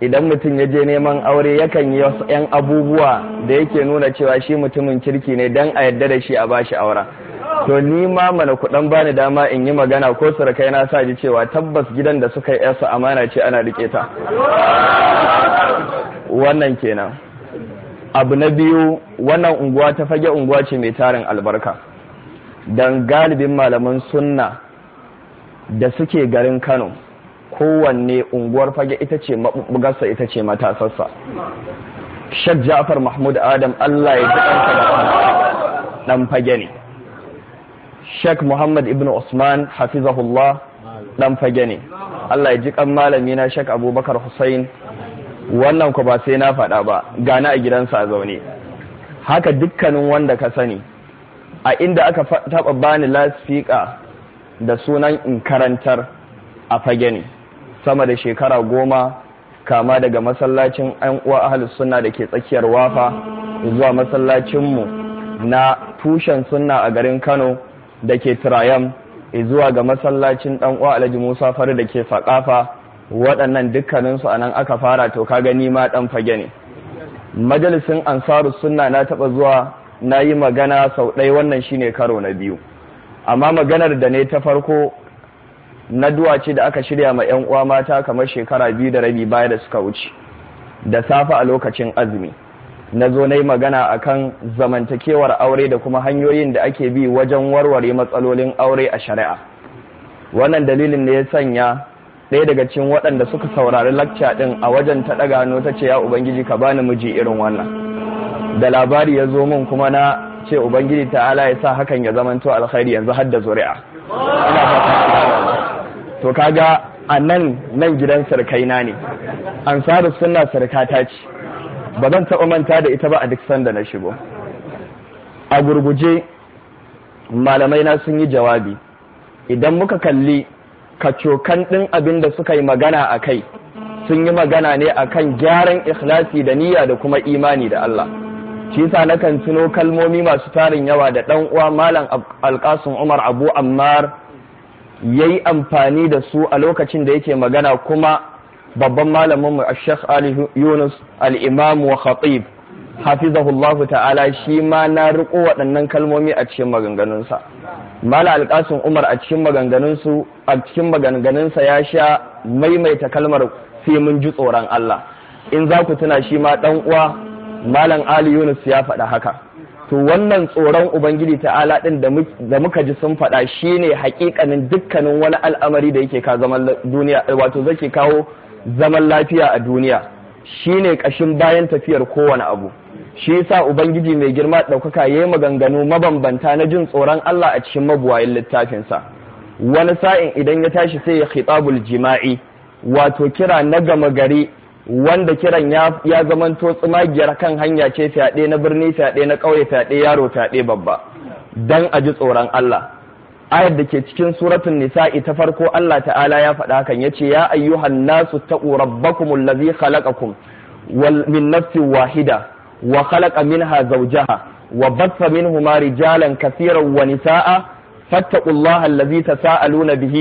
idan mutum ya je neman aure yakan yi wasu 'yan abubuwa da yake nuna cewa shi mutumin kirki ne don a yadda da shi a bashi aura to ni ma mana kudan bani dama in yi magana ko surakai na sa ji cewa tabbas gidan da suka yi yarsa amana ce ana rike ta wannan kenan abu na biyu wannan unguwa ta fage unguwa ce mai tarin albarka don galibin malaman sunna da suke garin kano kowanne unguwar fage ita ce mabugarsa ita ce matasarsa shak jafar mahmud adam allah ya ji ɗansa da ɗan fage ne shak muhammad ibn usman hafizahullah ɗan fage ne allah ya ji ƙan malami na shak abubakar hussain wannan ku ba sai na faɗa ba gana a gidansa a zaune haka dukkanin wanda ka sani a inda aka taɓa bani lasfiƙa da sunan in karantar a fage ne sama da shekara goma kama daga masallacin an uwa ahalus suna da ke tsakiyar wafa zuwa masallacinmu na tushen suna a garin kano da ke tirayam zuwa ga masallacin dan uwa alhaji musa fari da ke faƙafa waɗannan dukkaninsu a nan aka fara to ka gani ma ɗan fage ne majalisin ansarus suna na taɓa zuwa na yi magana sau ɗaya wannan shine karo na biyu amma maganar da ne ta farko na duwace da aka shirya ma 'yan uwa mata kamar shekara biyu da rabi baya da suka wuce da safa a lokacin azumi na zo na yi magana a kan zamantakewar aure da kuma hanyoyin da ake bi wajen warware matsalolin aure a shari'a wannan dalilin ne ya sanya ɗaya daga cikin waɗanda suka saurari lakca ɗin a wajen ta ɗaga hannu ta ce ya ubangiji ka bani miji irin wannan da labari ya zo min kuma na ce ubangiji ta'ala ya sa hakan ya zamanto alkhairi yanzu har da zuri'a to kaga a nan nan gidan sarkaina ne ansarus sunna sarkata ce ba zan taɓa manta da ita ba a duk sanda na shigo a gurguje malamai na sun yi jawabi idan muka kalli kacokan ɗin abin da suka yi magana a kai sun yi magana ne akan gyaran ikhlasi da niyya da kuma imani da Allah shi yasa nakan tuno kalmomi masu tarin yawa da ɗan uwa malam alƙasun umar abu ammar yayi amfani da su a lokacin da yake magana kuma babban malamin mu ashekh ali yunus al'imam wa khatib hafizahullahu ta'ala shi ma na riko waɗannan kalmomi a cikin maganganunsa malam alƙasun umar a cikin maganganunsu a cikin maganganunsa ya sha maimaita kalmar sai mun ji tsoron allah in za ku tuna shi ma ɗan uwa malam ali yunus ya faɗa haka to wannan tsoron ubangiji ta'ala din da muka ji sun faɗa shine hakikanin dukkanin wani al'amari da yake ka zaman duniya wato zake kawo zaman lafiya a duniya shine kashin bayan tafiyar kowane abu shi yasa ubangiji mai girma ɗaukaka yi maganganu mabambanta na jin tsoron Allah a cikin mabuwayin littafinsa wani sa'in idan ya tashi sai ya khitabul jima'i wato kira na gama gari wanda kiran ya zamanto tsimagiyar kan hanya ce fyaɗe na birni fyaɗe na ƙauye fyaɗe yaro fyaɗe babba dan a ji tsoron Allah ayar da ke cikin suratun nisa'i ta farko Allah ta'ala ya faɗa hakan yace ya ayyuhan nasu taqu rabbakum ladzi khalaqakum wal min nafsin wahida wa khalaqa minha zaujaha wa batha minhuma rijalan katsiran wa nisaa فاتقوا الله الذي تساءلون به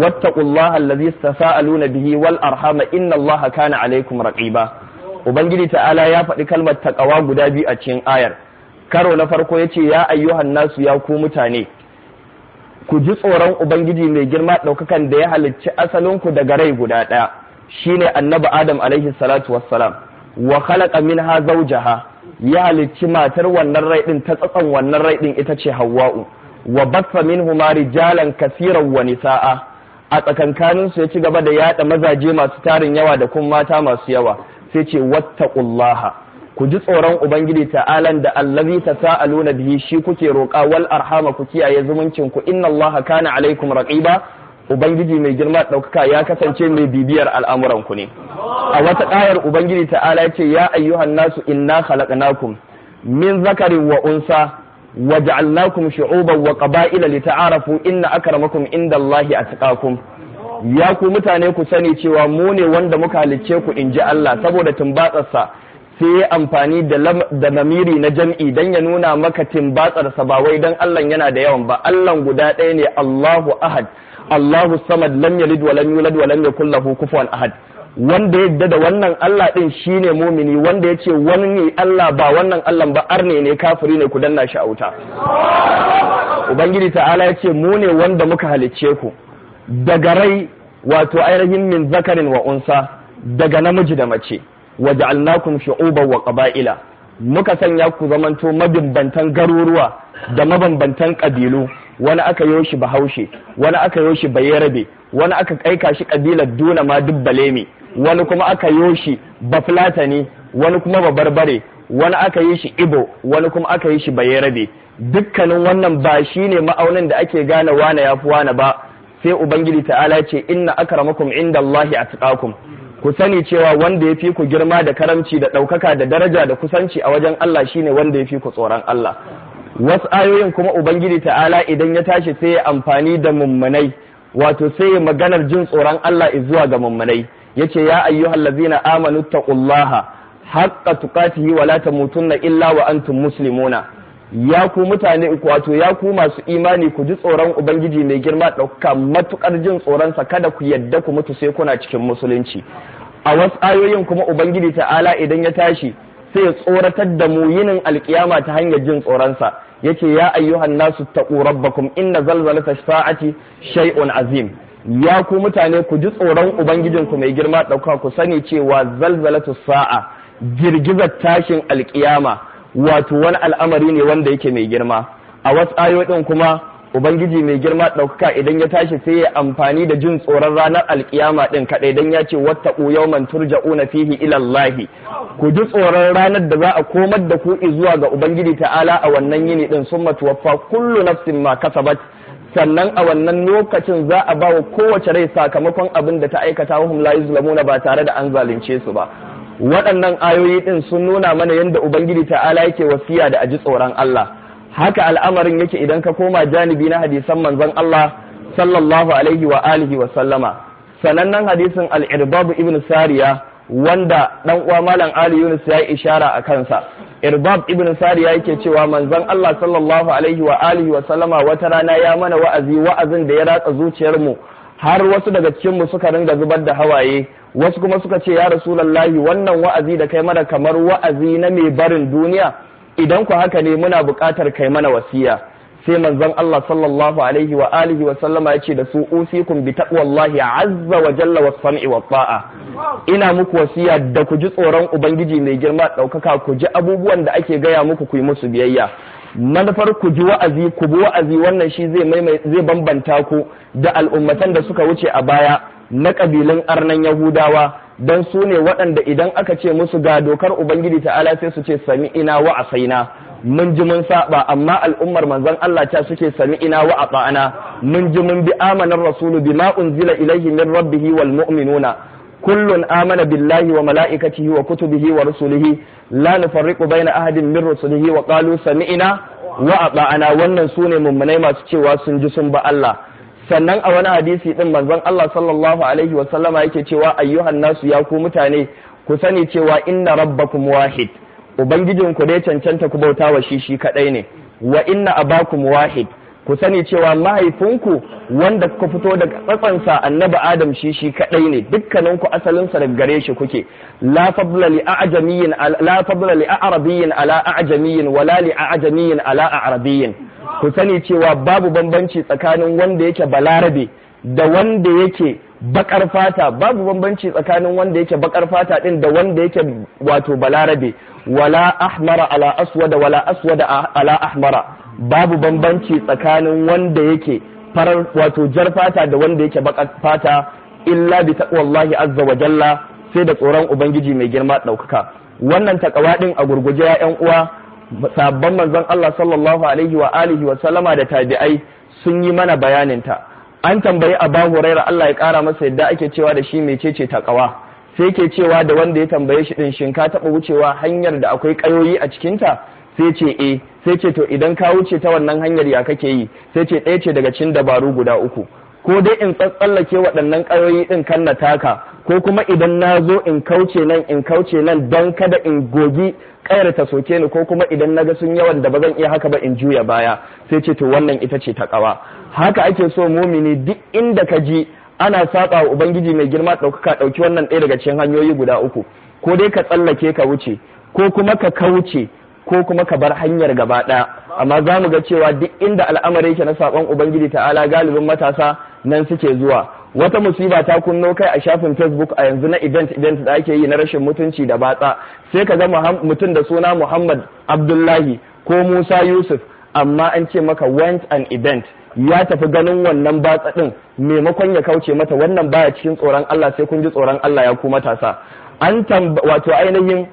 واتقوا الله الذي تساءلون به والأرحام إن الله كان عليكم رقيبا Ubangiji ta'ala ya faɗi kalmar taƙawa guda biyu a cikin ayar, karo na farko ya ce, Ya ayyuhan nasu ya ku mutane, ku ji tsoron Ubangiji mai girma ɗaukakan da ya halicci asalinku daga rai guda ɗaya, shi ne annabi Adam alaihi salatu wassalam, wa khalaqa minha zawjaha ya halicci matar wannan rai ɗin ta tsatsan wannan rai ɗin ita ce Hawwa'u. wa batsa minhuma rijalan kasiran wa nisa'a a tsakankanin su ya ci gaba da yada mazaje masu tarin yawa da kuma mata masu yawa sai ce wattaqullaha ku ji tsoron ubangiji ta'alan da allazi tasaaluna bihi shi kuke roƙa wal arhama ku kiyaye zumuncin ku inna kana alaikum raqiba ubangiji mai girma ɗaukaka ya kasance mai bibiyar al'amuran ku ne a wata ƙayar ubangiji ta'ala ce ya ayyuhan nasu inna khalaqnakum min zakarin wa unsa waja'alnakum shu'uban wa qaba'ila lita'arafu inna akramakum indallahi atqakum ya ku mutane ku sani cewa mu ne wanda muka halicce ku inji Allah saboda tumbatsarsa sai ya amfani da namiri na jam'i don ya nuna maka timbatsarsa ba wai don Allah yana da yawan ba Allah guda ɗaya ne Allahu ahad Allahu samad lam yalid wa lam yulad wa lam yakul lahu kufuwan ahad wanda yadda da wannan Allah ɗin shi ne mumini wanda ya ce wani ne Allah ba wannan Allah ba arne ne kafiri ne ku danna shi a wuta ubangiji ta'ala ce mu ne wanda muka halicce ku daga rai wato ainihin min zakarin wa unsa daga namiji da mace wa ja'alnakum shu'uban wa qaba'ila muka sanya ku zamanto mabambantan garuruwa da mabambantan kabilu wani aka yi shi bahaushe wani aka yi shi yarabe wani aka kaika shi kabilar duna ma dubbale wani kuma aka yi shi ne wani kuma babarbare wani aka yi shi ibo wani kuma aka yi shi bayerabe dukkanin wannan ba shi ne ma'aunin da ake gane wane ya fi wane ba sai ubangiji ta'ala ce inna akramakum inda Allahi atqakum ku sani cewa wanda ya fi ku girma da karamci da ɗaukaka da daraja da kusanci a wajen Allah shine wanda ya fi ku tsoron Allah wasu ayoyin kuma ubangiji ta'ala idan ya tashi sai ya amfani da mummunai wato sai ya maganar jin tsoron Allah zuwa ga mummunai ya ce ya ayyuhal lazina amanu taqullaha haqqa tuqatihi wa la tamutunna illa wa antum muslimuna ya ku mutane wato ya ku masu imani ku ji tsoron ubangiji mai girma ɗauka matukar jin tsoronsa kada ku yadda ku mutu sai kuna cikin musulunci a wasu ayoyin kuma ubangiji ta'ala idan ya tashi sai ya tsoratar da mu yinin alkiyama ta hanyar jin tsoronsa yace ya ayyuhan nasu taqu rabbakum inna zalzalata sa'ati shay'un azim ya ku mutane ku ji tsoron ubangijinku mai girma ɗauka ku sani cewa zalzalatu sa'a girgizar tashin alkiyama wato wani al'amari ne wanda yake mai girma a wasu ayoyin kuma ubangiji mai girma ɗaukaka idan ya tashi sai ya amfani da jin tsoron ranar alkiyama ɗin kaɗai don ya ce wata man turja una fihi ilallahi ku ji tsoron ranar da za a komar da ku zuwa ga ubangiji ta'ala a wannan yini ɗin sun matuwaffa kullu nafsin ma kasabat sannan a wannan lokacin za a ba wa kowace rai sakamakon abin da ta aikata wahum la ba tare da an zalunce su ba waɗannan ayoyi ɗin sun nuna mana yadda ubangiji ta'ala yake wasiya da aji tsoron Allah haka al'amarin yake idan ka koma janibi na hadisan manzon Allah sallallahu alaihi wa alihi wa sallama sanannen hadisin al-irbab ibn sariya wanda dan uwa malam Ali Yunus ya yi ishara a kansa Irbab ibn Sariya yake cewa manzon Allah sallallahu alaihi wa alihi wa sallama wata rana ya mana wa'azi wa'azin da ya ratsa zuciyar mu har wasu daga cikin mu suka ringa zubar da hawaye wasu kuma suka ce ya rasulullahi wannan wa'azi da kai mana kamar wa'azi na mai barin duniya idan ku haka ne muna buƙatar kai mana wasiya sai manzon Allah sallallahu alaihi wa alihi wa sallama yace da su usikum bi taqwallahi azza wa jalla was sam'i wa ta'a ina muku wasiya da ku ji tsoron ubangiji mai girma daukaka ku ji abubuwan da ake gaya muku ku yi musu biyayya manufar ku ji wa'azi ku bi wa'azi wannan shi zai zai bambanta ku da al'ummatan da suka wuce a baya na kabilan arnan yahudawa dan su ne waɗanda idan aka ce musu ga dokar ubangiji ta'ala sai su ce sami'ina wa asaina mun ji mun saba amma al'ummar manzon Allah ta suke sami ina wa mun ji mun bi amanar rasulu bima unzila ilaihi min rabbihi wal mu'minuna kullun amana billahi wa mala'ikatihi wa kutubihi wa rusulihi la nufarriqu baina ahadin min rusulihi wa qalu sami'na wa ata'ana wannan sune mummunai masu cewa sun ji sun ba Allah sannan a wani hadisi din manzon Allah sallallahu alaihi wa sallama yake cewa ayyuhan nasu ya ku mutane ku sani cewa inna rabbakum wahid ubangijin ku dai cancanta ku bauta wa shi shi kadai ne wa inna abakum wahid ku sani cewa mahaifinku wanda kuka fito daga tsatsansa annabi adam shi shi kadai ne dukkaninku asalinsa asalin daga gare shi kuke la fadla li a'jamiyyin la fadla li arabiyyin ala li ala ku sani cewa babu bambanci tsakanin wanda yake balarabe da wanda yake bakar fata babu bambanci tsakanin wanda yake bakar fata din da wanda yake wato balarabe wala ahmara ala aswada wala aswada ala ahmara babu bambanci tsakanin wanda yake farar wato jar fata da wanda yake bakar fata illa bi taqwallahi azza wa jalla sai da tsoron ubangiji mai girma daukaka wannan takawa din a gurguje ya yan uwa sabban manzon Allah sallallahu alaihi wa alihi wa sallama da tabi'ai sun yi mana bayanin ta an tambayi a bahu raira Allah ya kara masa yadda ake cewa da shi ta takawa sai ke cewa da wanda ya tambaye shi din shin ka taba wucewa hanyar da akwai ƙayoyi a cikinta sai ce e sai ce to idan ka wuce ta wannan hanyar ya kake yi sai ce ɗaya ce daga cikin dabaru guda uku ko dai in tsallake waɗannan ƙayoyi ɗin kan na taka ko kuma idan na zo in kauce nan in kauce nan don kada in gogi kayar ta soke ni ko kuma idan naga sun yawan da ba zan iya haka ba in juya baya sai ce to wannan ita ce ta kawa haka ake so mumini duk inda ka ji ana saba wa ubangiji mai girma ɗaukaka ɗauki wannan ɗaya daga cikin hanyoyi guda uku ko dai ka tsallake ka wuce ko kuma ka kauce ko kuma ka bar hanyar gaba ɗaya amma za mu ga cewa duk inda al'amari yake na saƙon ubangiji ta'ala galibin matasa nan suke zuwa wata musiba ta kunno kai a shafin facebook a yanzu na event event da ake yi na rashin mutunci da batsa sai ka ga mutum da suna muhammad abdullahi ko musa yusuf amma an ce maka went an event ya tafi ganin wannan batsa din maimakon ya kauce mata wannan baya cikin tsoron allah sai kun ji tsoron allah ya ku matasa an wato ainihin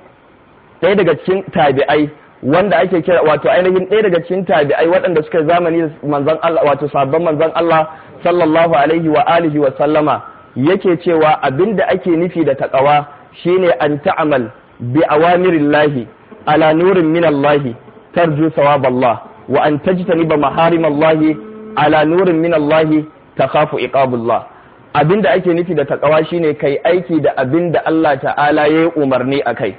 ɗaya daga cikin tabi'ai wanda ake kira wato ainihin ɗaya daga cikin tabi'ai waɗanda suka zamani manzon Allah wato sabon manzon Allah sallallahu alaihi wa alihi wa sallama yake cewa abinda ake nufi da takawa shine an ta'amal bi awamirillahi ala nurin min Allah tarju sawaballah wa an bi maharimallahi ala nurin min Allah takhafu iqabullah abinda ake nufi da takawa shine kai aiki da abinda Allah ta'ala yayi umarni akai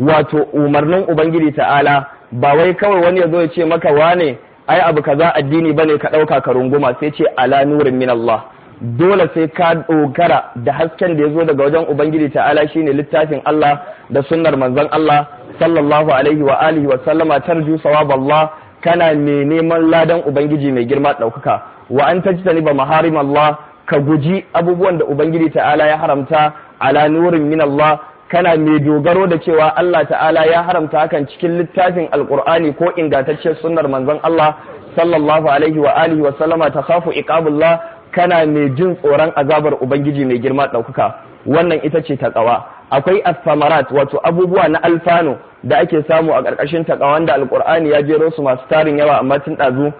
wato umarnin ubangiji ta'ala ba wai kawai wani ya zo ya ce maka wane ai abu kaza addini bane ka ɗauka ka runguma sai ce ala nurin min Allah dole sai ka dogara da hasken da ya zo daga wajen ubangiji ta'ala shine littafin Allah da sunnar manzon Allah sallallahu alaihi wa alihi wa sallama tarju sawab Allah kana mai neman ladan ubangiji mai girma ɗaukaka wa an tajtani ba maharim Allah ka guji abubuwan da ubangiji ta'ala ya haramta ala nurin min Allah kana mai dogaro da cewa Allah ta'ala ya haramta hakan cikin littafin alkur'ani ko ingantacciyar sunnar manzon Allah sallallahu alaihi wa alihi wa sallama ta khafu iqabullah kana mai jin tsoron azabar ubangiji mai girma ɗaukuka? wannan ita ce taqawa akwai asfamarat, wato abubuwa na alfano da ake samu a ƙarƙashin taqawan da alkur'ani ya jero su masu tarin yawa amma tun ɗazu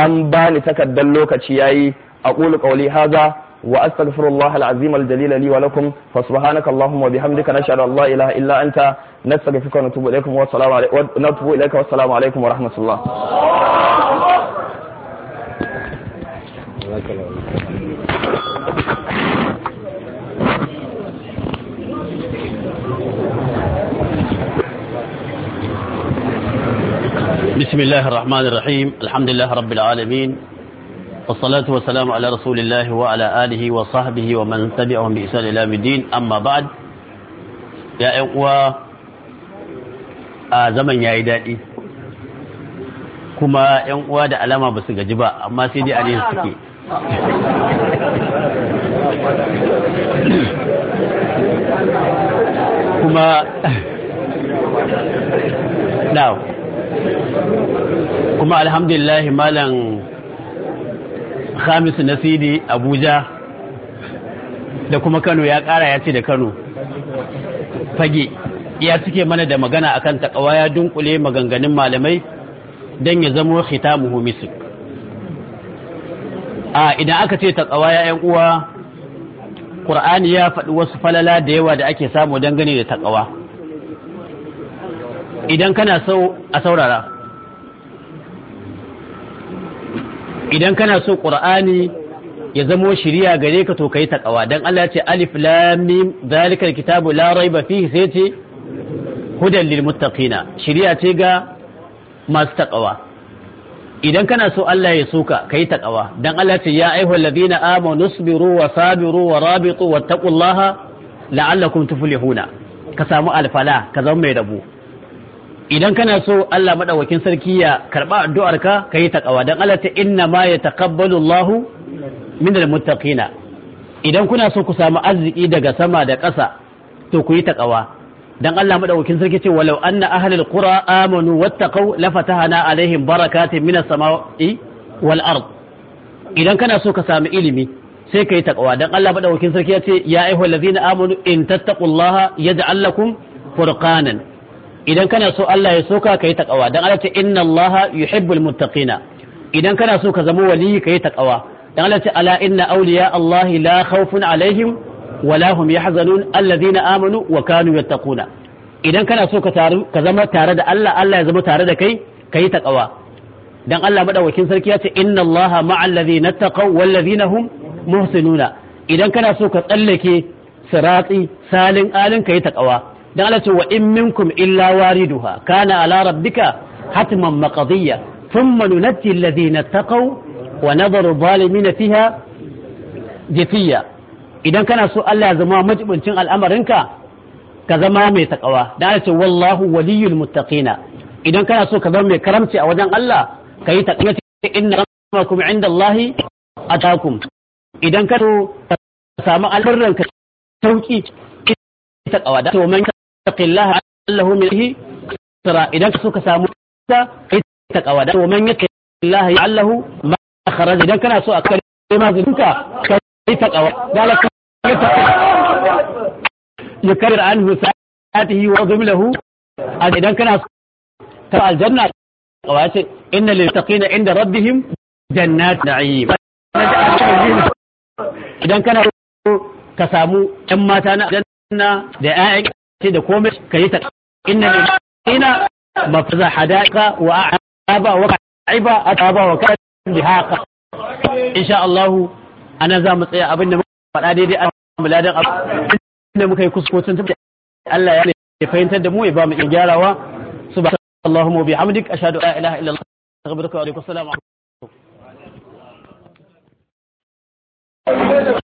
an bani takardar lokaci yayi aqulu qawli hadha وأستغفر الله العظيم الجليل لي ولكم فسبحانك اللهم وبحمدك نشهد أن لا إله إلا أنت نستغفرك ونتوب إليكم والسلام عليكم ونتوب إليك والسلام عليكم ورحمة الله بسم الله الرحمن الرحيم الحمد لله رب العالمين والصلاة والسلام على رسول الله وعلى آله وصحبه ومن تبعهم بإسان إلى الدين أما بعد يا إقوى زمن يا إدائي kuma ‘yan uwa da alama ba su gaji ba amma sai dai a ne suke kuma now kuma alhamdulillah malam na Nasidi Abuja da kuma Kano ya ƙara ya ce da Kano fage ya cike mana da magana akan takawa ya dunkule maganganun malamai don ya zamo khitamuhu misik a idan aka ce takawa ya yan uwa ƙur'ani ya faɗi wasu falala da yawa da ake samu dangane da takawa idan kana so a saurara idan kana so qur'ani ya zamo shiriya gare ka to kai takawa dan Allah ce alif lam mim zalikal kitabu la raiba fihi sai ce hudan lil muttaqina shiriya ce ga masu takawa idan kana so Allah ya soka kai takawa dan Allah ce ya ayyuhal ladina amanu sabiru wa sabiru wa rabitu wattaqullaha la'allakum tuflihuna ka samu alfala ka zama mai rabo idan kana so Allah madawakin sarki ya karba addu'arka ka yi takawa dan Allah ta inna ma yataqabbalu Allahu minal muttaqina idan kuna so ku samu arziki daga sama da ƙasa to ku yi takawa dan Allah madaukakin sarki ce walau anna ahlul qura amanu wattaqau lafatahana alaihim barakatin minas samai wal ard idan kana so ka samu ilimi sai ka yi takawa dan Allah madaukakin sarki ya ce ya ayyuhallazina amanu in tattaqullaha yaj'al lakum furqanan idan kana so Allah ya soka ka yi taqwa dan Allah ce inna Allah yuhibbul muttaqina idan kana so ka zama wali ka yi taqwa dan Allah ce ala inna awliya Allah la khawfun alaihim wala la hum yahzanun alladhina amanu wa kanu yattaquna idan kana so ka zama tare da Allah Allah ya zama tare da kai ka yi taqwa dan Allah madaukakin sarki ya ce inna Allah ma'al ladhina taqaw wal ladhina hum muhsinuna idan kana so ka tsallake sirati salin alin ka yi taqwa dan Allah ce wa in minkum illa wariduha kana ala rabbika hatman maqdiya thumma nunatti alladhina taqaw wa nadharu zalimina fiha jafiya idan kana so Allah ya zama majibincin al'amarinka ka zama mai takawa dan Allah ce wallahu waliyul muttaqina idan kana so ka zama mai karamci a wajen Allah ka kayi taqiyati inna rabbakum inda Allah atakum idan ka so ka samu albarranka sauki ta kawa da to man يتق الله عله من عليه خسرا إذا كسوك ساموسا يتق أودا ومن يتق الله يعله ما خرج إذا كان أسوء كريما زنك يتق أودا يكرر عنه هساته وعظم له إذا كان أسوء ترى الجنة إن للتقين عند ربهم جنات نعيم إذا كان كسامو أما تانا جنة دعائك sai da komai ka yi ta inna ina ba fa za hadaka wa a'aba wa ka'iba ataba wa ka bihaqa insha Allah ana za mu tsaya abin da muka faɗa daidai a muladan abin da muka yi kuskocin tabbata Allah ya ne fahimtar da mu ya ba mu iya gyarawa subhanallahi wa bihamdik ashhadu an la ilaha illa Allah astaghfiruka wa atubu ilaik